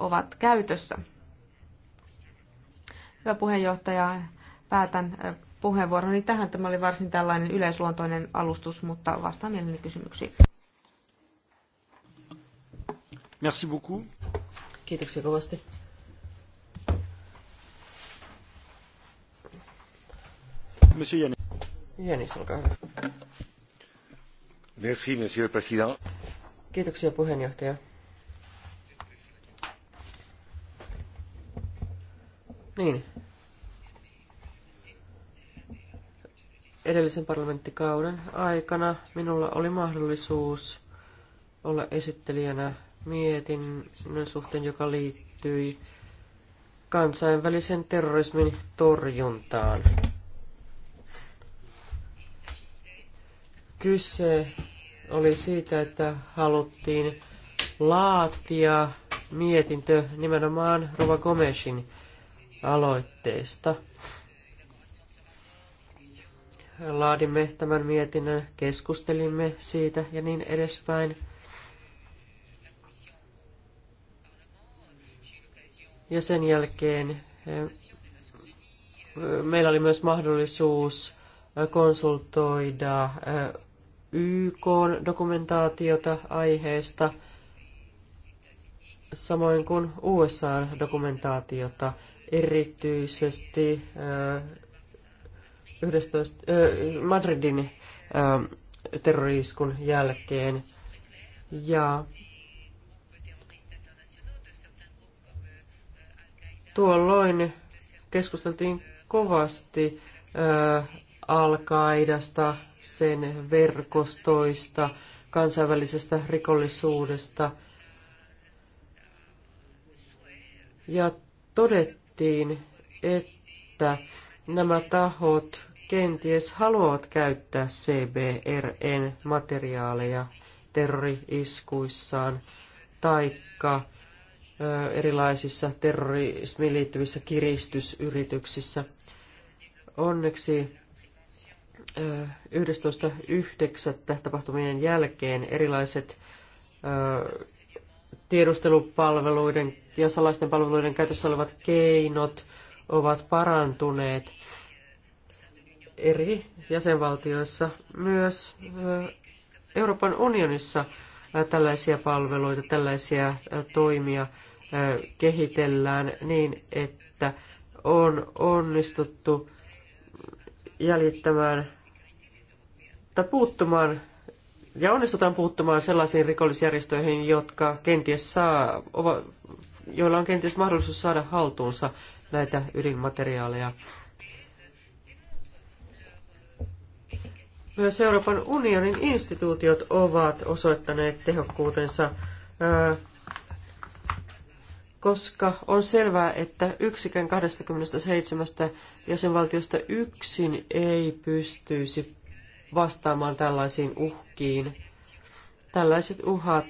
ovat käytössä. Hyvä puheenjohtaja, päätän eh, puheenvuoroni tähän. Tämä oli varsin tällainen yleisluontoinen alustus, mutta vastaan mielelläni kysymyksiin. Merci beaucoup. Kiitoksia kovasti. Monsieur Yannis. Yannis, olkaa hyvä. Merci, monsieur le président. Kiitoksia puheenjohtaja. Niin. Edellisen parlamenttikauden aikana minulla oli mahdollisuus olla esittelijänä mietinnön suhteen, joka liittyi kansainvälisen terrorismin torjuntaan. Kyse oli siitä, että haluttiin laatia mietintö nimenomaan Rova Gomesin aloitteesta. Laadimme tämän mietinnön, keskustelimme siitä ja niin edespäin. Ja sen jälkeen eh, meillä oli myös mahdollisuus eh, konsultoida eh, YK-dokumentaatiota aiheesta, samoin kuin USA-dokumentaatiota, erityisesti 11, Madridin terroriiskun jälkeen. Ja Tuolloin keskusteltiin kovasti alkaidasta sen verkostoista, kansainvälisestä rikollisuudesta. Ja todettiin, että nämä tahot kenties haluavat käyttää CBRN materiaaleja terrori-iskuissaan, taikka erilaisissa terrorismiin liittyvissä kiristysyrityksissä. Onneksi 11.9. tapahtumien jälkeen erilaiset tiedustelupalveluiden ja salaisten palveluiden käytössä olevat keinot ovat parantuneet eri jäsenvaltioissa, myös Euroopan unionissa tällaisia palveluita, tällaisia toimia kehitellään niin, että on onnistuttu jäljittämään tai puuttumaan ja onnistutaan puuttumaan sellaisiin rikollisjärjestöihin, jotka kenties saa, joilla on kenties mahdollisuus saada haltuunsa näitä ydinmateriaaleja. Myös Euroopan unionin instituutiot ovat osoittaneet tehokkuutensa koska on selvää, että yksikään 27 jäsenvaltiosta yksin ei pystyisi vastaamaan tällaisiin uhkiin. Tällaiset uhat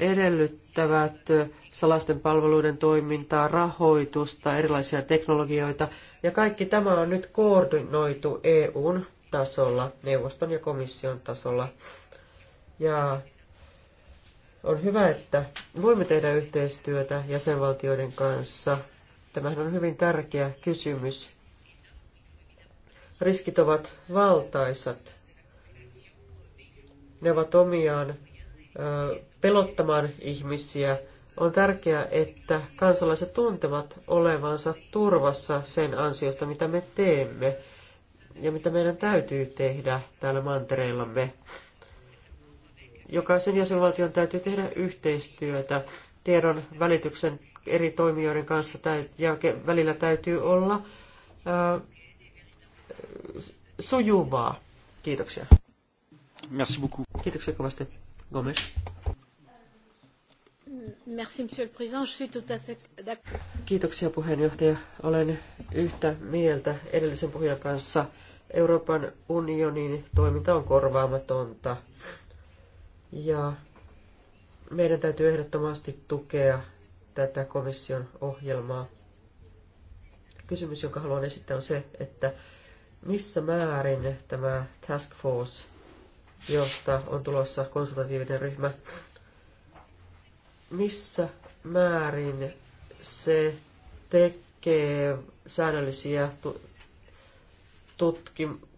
edellyttävät salaisten palveluiden toimintaa, rahoitusta, erilaisia teknologioita, ja kaikki tämä on nyt koordinoitu EUn tasolla, neuvoston ja komission tasolla. Ja on hyvä, että voimme tehdä yhteistyötä jäsenvaltioiden kanssa. Tämähän on hyvin tärkeä kysymys. Riskit ovat valtaisat. Ne ovat omiaan pelottamaan ihmisiä. On tärkeää, että kansalaiset tuntevat olevansa turvassa sen ansiosta, mitä me teemme ja mitä meidän täytyy tehdä täällä mantereillamme jokaisen jäsenvaltion täytyy tehdä yhteistyötä tiedon välityksen eri toimijoiden kanssa ja välillä täytyy olla ää, sujuvaa. Kiitoksia. Merci beaucoup. Kiitoksia kovasti. Gomes. Merci, monsieur le président. Je suis tout à fait Kiitoksia puheenjohtaja. Olen yhtä mieltä edellisen puhujan kanssa. Euroopan unionin toiminta on korvaamatonta. Ja meidän täytyy ehdottomasti tukea tätä komission ohjelmaa. Kysymys, jonka haluan esittää, on se, että missä määrin tämä task force, josta on tulossa konsultatiivinen ryhmä, missä määrin se tekee säännöllisiä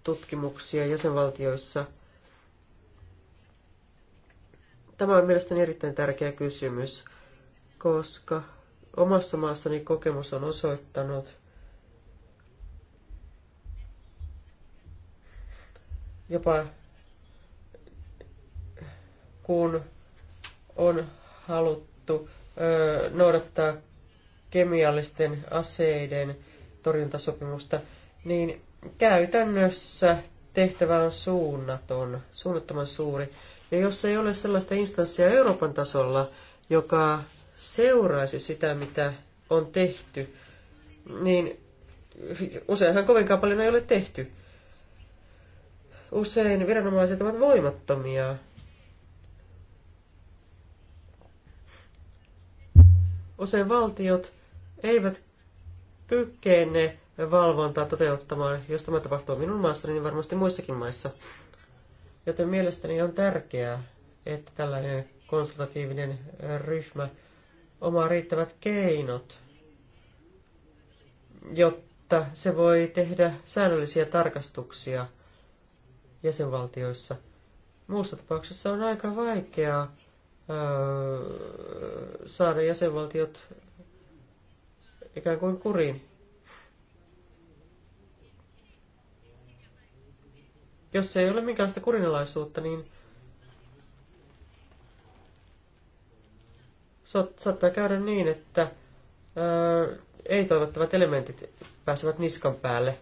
tutkimuksia jäsenvaltioissa – Tämä on mielestäni erittäin tärkeä kysymys, koska omassa maassani kokemus on osoittanut, jopa kun on haluttu ö, noudattaa kemiallisten aseiden torjuntasopimusta, niin käytännössä tehtävä on suunnaton, suunnattoman suuri. Ja jos ei ole sellaista instanssia Euroopan tasolla, joka seuraisi sitä, mitä on tehty, niin useinhan kovinkaan paljon ei ole tehty. Usein viranomaiset ovat voimattomia. Usein valtiot eivät kykene valvontaa toteuttamaan. Jos tämä tapahtuu minun maassani, niin varmasti muissakin maissa. Joten mielestäni on tärkeää, että tällainen konsultatiivinen ryhmä omaa riittävät keinot, jotta se voi tehdä säännöllisiä tarkastuksia jäsenvaltioissa. Muussa tapauksessa on aika vaikeaa öö, saada jäsenvaltiot ikään kuin kuriin. Jos ei ole minkäänlaista kurinalaisuutta, niin saattaa käydä niin, että ei-toivottavat elementit pääsevät niskan päälle.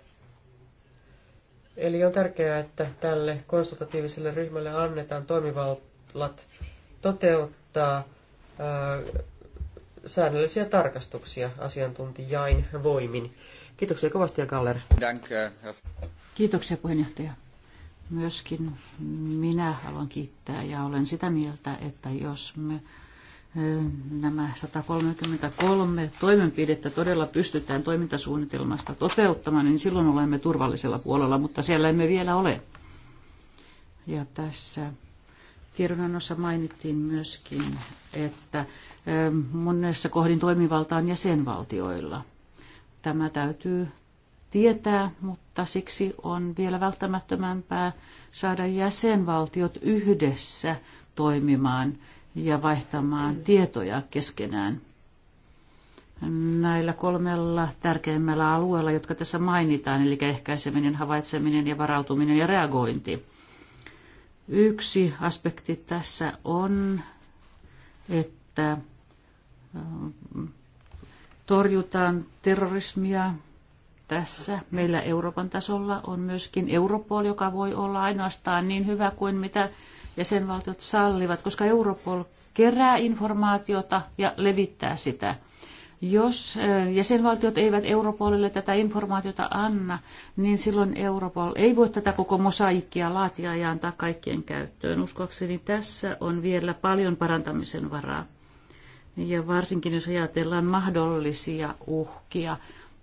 Eli on tärkeää, että tälle konsultatiiviselle ryhmälle annetaan toimivallat toteuttaa ää, säännöllisiä tarkastuksia asiantuntijain voimin. Kiitoksia kovasti ja Kaller. Kiitoksia puheenjohtaja. Myöskin minä haluan kiittää ja olen sitä mieltä, että jos me nämä 133 toimenpidettä todella pystytään toimintasuunnitelmasta toteuttamaan, niin silloin olemme turvallisella puolella, mutta siellä emme vielä ole. Ja tässä tiedonannossa mainittiin myöskin, että monessa kohdin toimivalta on jäsenvaltioilla. Tämä täytyy tietää, mutta siksi on vielä välttämättömämpää saada jäsenvaltiot yhdessä toimimaan ja vaihtamaan tietoja keskenään. Näillä kolmella tärkeimmällä alueella, jotka tässä mainitaan, eli ehkäiseminen, havaitseminen ja varautuminen ja reagointi. Yksi aspekti tässä on, että torjutaan terrorismia, tässä meillä Euroopan tasolla on myöskin Europol, joka voi olla ainoastaan niin hyvä kuin mitä jäsenvaltiot sallivat, koska Europol kerää informaatiota ja levittää sitä. Jos jäsenvaltiot eivät Europolille tätä informaatiota anna, niin silloin Europol ei voi tätä koko mosaikkia laatia ja antaa kaikkien käyttöön. Uskoakseni tässä on vielä paljon parantamisen varaa. Ja varsinkin jos ajatellaan mahdollisia uhkia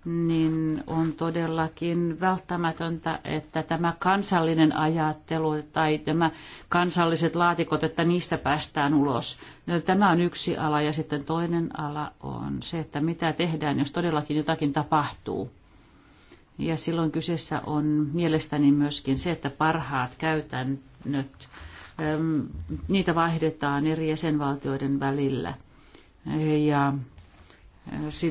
niin on todellakin välttämätöntä, että tämä kansallinen ajattelu tai tämä kansalliset laatikot, että niistä päästään ulos. No, tämä on yksi ala ja sitten toinen ala on se, että mitä tehdään, jos todellakin jotakin tapahtuu. Ja silloin kyseessä on mielestäni myöskin se, että parhaat käytännöt, niitä vaihdetaan eri jäsenvaltioiden välillä. Ja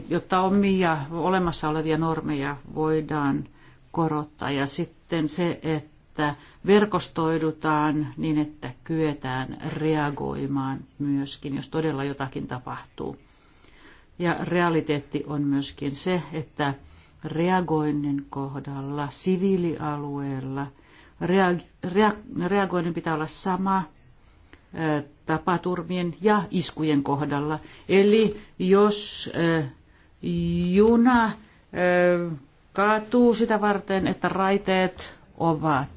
jotta omia olemassa olevia normeja voidaan korottaa. Ja sitten se, että verkostoidutaan niin, että kyetään reagoimaan myöskin, jos todella jotakin tapahtuu. Ja realiteetti on myöskin se, että reagoinnin kohdalla, siviilialueella, rea- rea- reagoinnin pitää olla sama – tapaturmien ja iskujen kohdalla. Eli jos juna kaatuu sitä varten, että raiteet ovat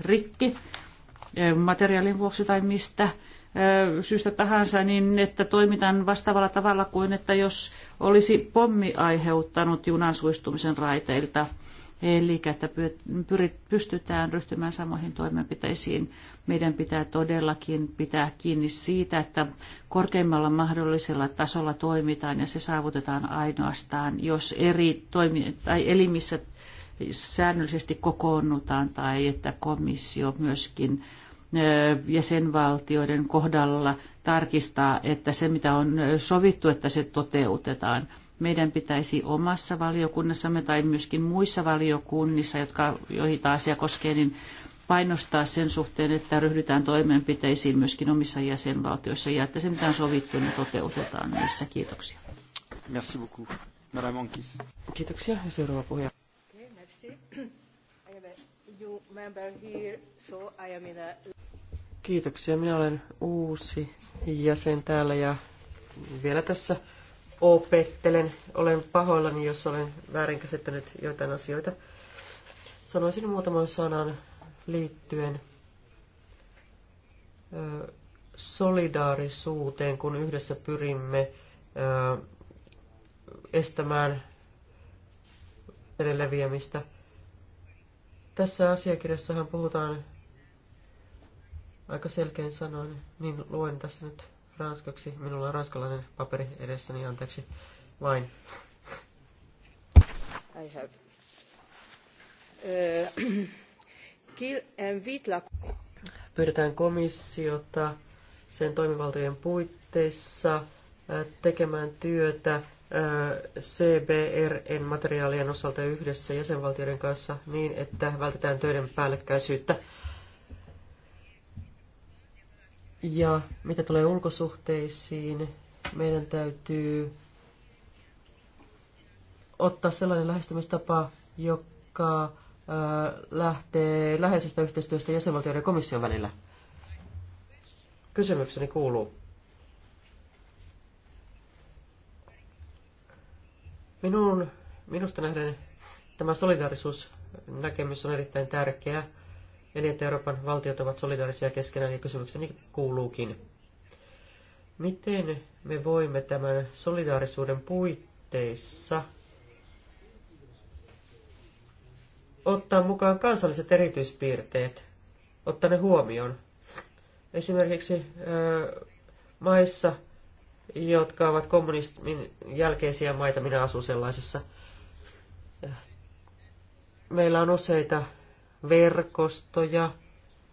rikki materiaalin vuoksi tai mistä syystä tahansa, niin että toimitaan vastaavalla tavalla kuin, että jos olisi pommi aiheuttanut junan suistumisen raiteilta – Eli että pystytään ryhtymään samoihin toimenpiteisiin. Meidän pitää todellakin pitää kiinni siitä, että korkeimmalla mahdollisella tasolla toimitaan ja se saavutetaan ainoastaan, jos eri toimi- tai elimissä säännöllisesti kokoonnutaan tai että komissio myöskin jäsenvaltioiden kohdalla tarkistaa, että se mitä on sovittu, että se toteutetaan – meidän pitäisi omassa valiokunnassamme tai myöskin muissa valiokunnissa, jotka, joita asia koskee, niin painostaa sen suhteen, että ryhdytään toimenpiteisiin myöskin omissa jäsenvaltioissa ja että se mitä on sovittu, niin toteutetaan niissä. Kiitoksia. Merci beaucoup. Madame Ankis. Kiitoksia. Ja seuraava puhuja. Kiitoksia. Minä olen uusi jäsen täällä ja vielä tässä opettelen. Olen pahoillani, jos olen väärin käsittänyt joitain asioita. Sanoisin muutaman sanan liittyen solidaarisuuteen, kun yhdessä pyrimme estämään leviämistä. Tässä asiakirjassahan puhutaan aika selkein sanoin, niin luen tässä nyt ranskaksi. Minulla on ranskalainen paperi edessäni, anteeksi vain. I have. Eh, eh, Pyydetään komissiota sen toimivaltojen puitteissa eh, tekemään työtä CBRN materiaalien osalta yhdessä jäsenvaltioiden kanssa niin, että vältetään töiden päällekkäisyyttä. Ja mitä tulee ulkosuhteisiin, meidän täytyy ottaa sellainen lähestymistapa, joka lähtee läheisestä yhteistyöstä jäsenvaltioiden ja komission välillä. Kysymykseni kuuluu. Minun, minusta nähden tämä solidaarisuusnäkemys on erittäin tärkeä eli että Euroopan valtiot ovat solidaarisia keskenään, ja niin kysymykseni kuuluukin. Miten me voimme tämän solidaarisuuden puitteissa ottaa mukaan kansalliset erityispiirteet, ottaa ne huomioon? Esimerkiksi maissa, jotka ovat kommunismin jälkeisiä maita, minä asun sellaisessa, meillä on useita verkostoja,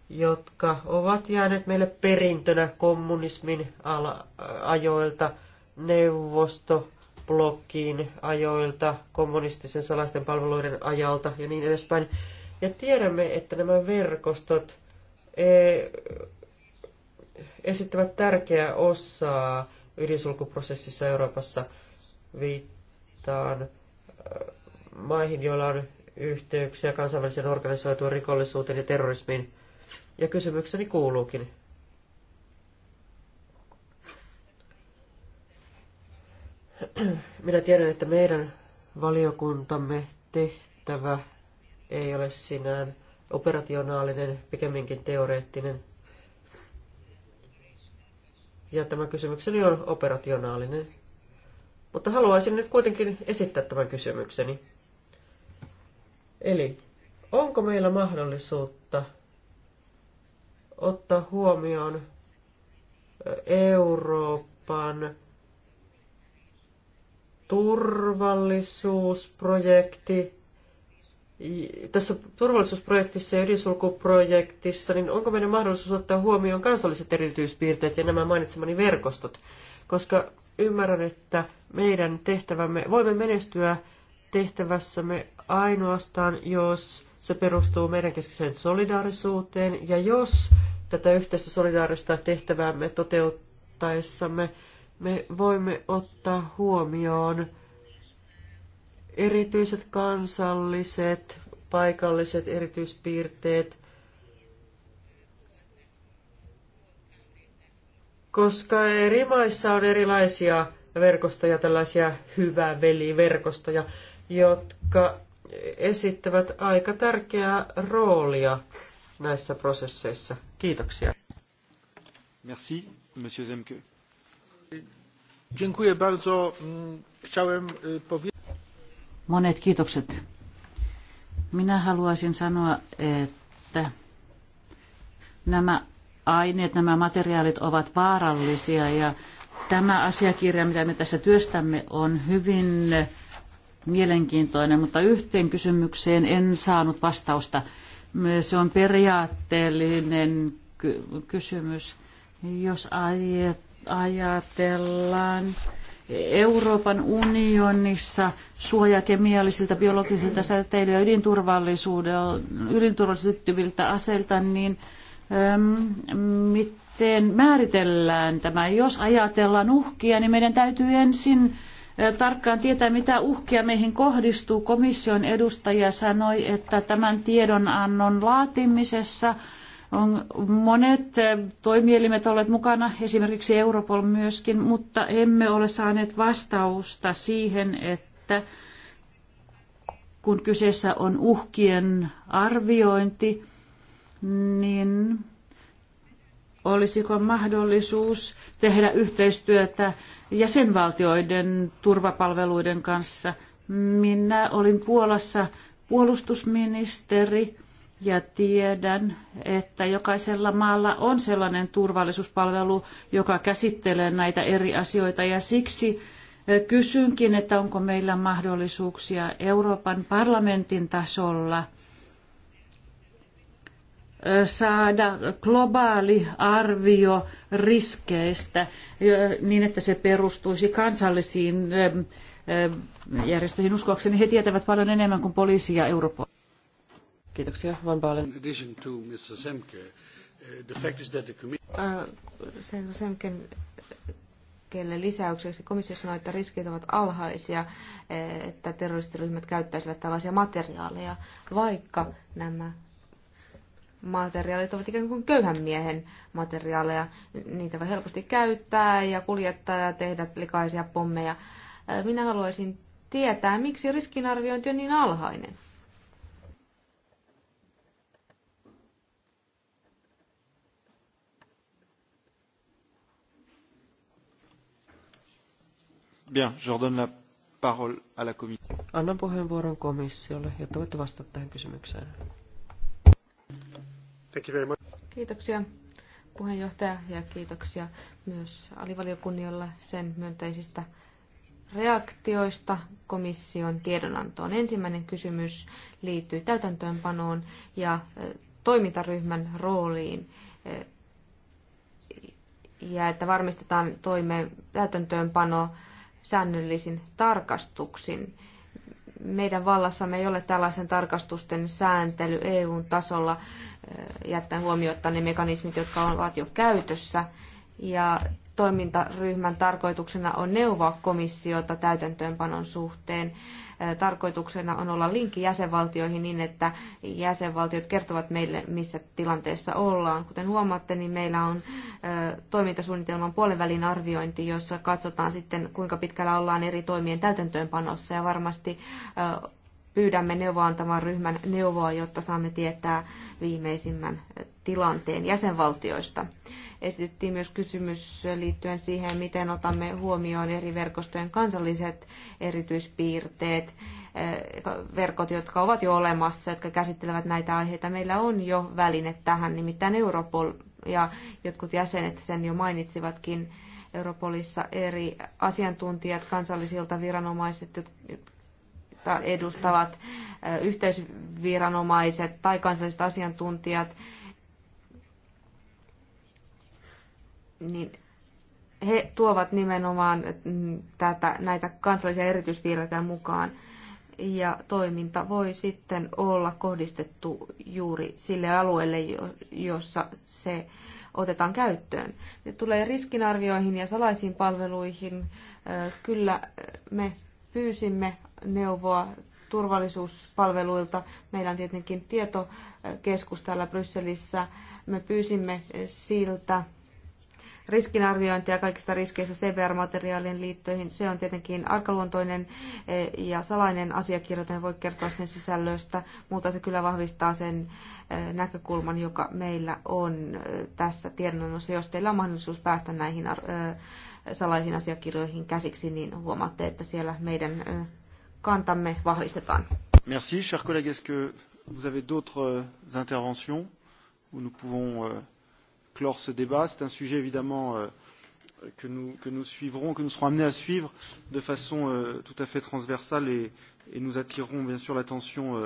jotka ovat jääneet meille perintönä kommunismin ajoilta, neuvostoblokkiin ajoilta, kommunistisen salaisten palveluiden ajalta ja niin edespäin. Ja tiedämme, että nämä verkostot e, esittävät tärkeää osaa ydinsulkuprosessissa Euroopassa viittaan maihin, joilla on yhteyksiä kansainväliseen organisoituun rikollisuuteen ja terrorismiin. Ja kysymykseni kuuluukin. Minä tiedän, että meidän valiokuntamme tehtävä ei ole sinään operationaalinen, pikemminkin teoreettinen. Ja tämä kysymykseni on operationaalinen. Mutta haluaisin nyt kuitenkin esittää tämän kysymykseni. Eli onko meillä mahdollisuutta ottaa huomioon Euroopan turvallisuusprojekti, tässä turvallisuusprojektissa ja ydinsulkuprojektissa, niin onko meidän mahdollisuus ottaa huomioon kansalliset erityispiirteet ja nämä mainitsemani verkostot? Koska ymmärrän, että meidän tehtävämme, voimme menestyä tehtävässämme ainoastaan, jos se perustuu meidän keskiseen solidaarisuuteen ja jos tätä yhteistä solidaarista tehtäväämme toteuttaessamme me voimme ottaa huomioon erityiset kansalliset, paikalliset erityispiirteet, koska eri maissa on erilaisia verkostoja, tällaisia hyvä veli-verkostoja, jotka esittävät aika tärkeää roolia näissä prosesseissa. Kiitoksia. Merci, monsieur Zemke. Dziękuję bardzo. Mm, chciałem powiedzieć... Monet kiitokset. Minä haluaisin sanoa, että nämä aineet, nämä materiaalit ovat vaarallisia ja tämä asiakirja, mitä me tässä työstämme, on hyvin mielenkiintoinen, mutta yhteen kysymykseen en saanut vastausta. Se on periaatteellinen ky- kysymys. Jos ajatellaan Euroopan unionissa suoja kemiallisilta, biologisilta säteilyä ja ydinturvallisuudelta aseilta, niin äm, miten määritellään tämä? Jos ajatellaan uhkia, niin meidän täytyy ensin tarkkaan tietää, mitä uhkia meihin kohdistuu. Komission edustaja sanoi, että tämän tiedonannon laatimisessa on monet toimielimet olleet mukana, esimerkiksi Europol myöskin, mutta emme ole saaneet vastausta siihen, että kun kyseessä on uhkien arviointi, niin Olisiko mahdollisuus tehdä yhteistyötä jäsenvaltioiden turvapalveluiden kanssa? Minä olin Puolassa puolustusministeri ja tiedän, että jokaisella maalla on sellainen turvallisuuspalvelu, joka käsittelee näitä eri asioita ja siksi eh, kysynkin, että onko meillä mahdollisuuksia Euroopan parlamentin tasolla – saada globaali arvio riskeistä niin, että se perustuisi kansallisiin järjestöihin. Uskoakseni he tietävät paljon enemmän kuin poliisi ja Europol. Kiitoksia. Van Baalen. Sen, senkin lisäykseksi. Komissio sanoi, että riskit ovat alhaisia, eh, että terroristiryhmät käyttäisivät tällaisia materiaaleja, vaikka nämä materiaalit ovat ikään kuin köyhän miehen materiaaleja. Niitä voi helposti käyttää ja kuljettaa ja tehdä likaisia pommeja. Minä haluaisin tietää, miksi riskinarviointi on niin alhainen. Bien, je redonne la parole à la commission. Annan puheenvuoron komissiolle, ja toivottavasti vastata tähän kysymykseen. Kiitoksia puheenjohtaja ja kiitoksia myös alivaliokunniolle sen myönteisistä reaktioista komission tiedonantoon. Ensimmäinen kysymys liittyy täytäntöönpanoon ja toimintaryhmän rooliin ja että varmistetaan toimeen täytäntöönpano säännöllisin tarkastuksin. Meidän vallassamme ei ole tällaisen tarkastusten sääntely eu tasolla Eh, jättäen huomiota ne mekanismit, jotka ovat jo käytössä. Ja toimintaryhmän tarkoituksena on neuvoa komissiota täytäntöönpanon suhteen. Eh, tarkoituksena on olla linkki jäsenvaltioihin niin, että jäsenvaltiot kertovat meille, missä tilanteessa ollaan. Kuten huomaatte, niin meillä on eh, toimintasuunnitelman puolenvälin arviointi, jossa katsotaan sitten, kuinka pitkällä ollaan eri toimien täytäntöönpanossa. Ja varmasti pyydämme neuvoantavan ryhmän neuvoa, jotta saamme tietää viimeisimmän tilanteen jäsenvaltioista. Esitettiin myös kysymys liittyen siihen, miten otamme huomioon eri verkostojen kansalliset erityispiirteet, eh, verkot, jotka ovat jo olemassa, jotka käsittelevät näitä aiheita. Meillä on jo väline tähän, nimittäin Europol ja jotkut jäsenet sen jo mainitsivatkin. Europolissa eri asiantuntijat kansallisilta viranomaiset, joita edustavat yhteisviranomaiset tai kansalliset asiantuntijat, niin he tuovat nimenomaan mm, tätä, näitä kansallisia erityispiirteitä mukaan. Ja toiminta voi sitten olla kohdistettu juuri sille alueelle, jossa se otetaan käyttöön. Ne tulee riskinarvioihin ja salaisiin palveluihin. Kyllä me pyysimme neuvoa turvallisuuspalveluilta. Meillä on tietenkin tietokeskus täällä Brysselissä. Me pyysimme siltä riskinarviointia kaikista riskeistä CBR-materiaalien liittoihin. Se on tietenkin arkaluontoinen eh, ja salainen asiakirja, joten voi kertoa sen sisällöstä, mutta se kyllä vahvistaa sen eh, näkökulman, joka meillä on eh, tässä tiedonannossa. Jos teillä on mahdollisuus päästä näihin salaisiin asiakirjoihin käsiksi, niin huomaatte, että siellä meidän kantamme vahvistetaan. Merci, cher collègue. Est-ce que vous avez d'autres euh, interventions où nous pouvons euh, clore ce débat C'est un sujet évidemment euh, que nous, que nous suivrons, que nous serons amenés à suivre de façon tout à fait transversale et, et nous attirerons bien sûr l'attention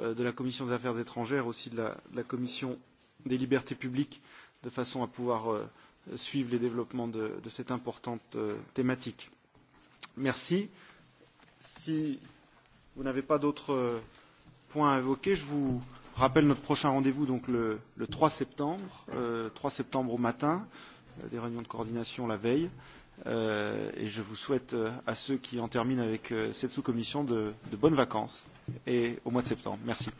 de la Commission des affaires étrangères, aussi de la, de la Commission des libertés publiques, de façon à pouvoir suivre les développements de, de cette importante thématique. Merci. Si vous n'avez pas d'autres euh, points à évoquer, je vous rappelle notre prochain rendez-vous donc le, le 3 septembre, euh, 3 septembre au matin, euh, des réunions de coordination la veille. Euh, et je vous souhaite euh, à ceux qui en terminent avec euh, cette sous-commission de, de bonnes vacances et au mois de septembre. Merci.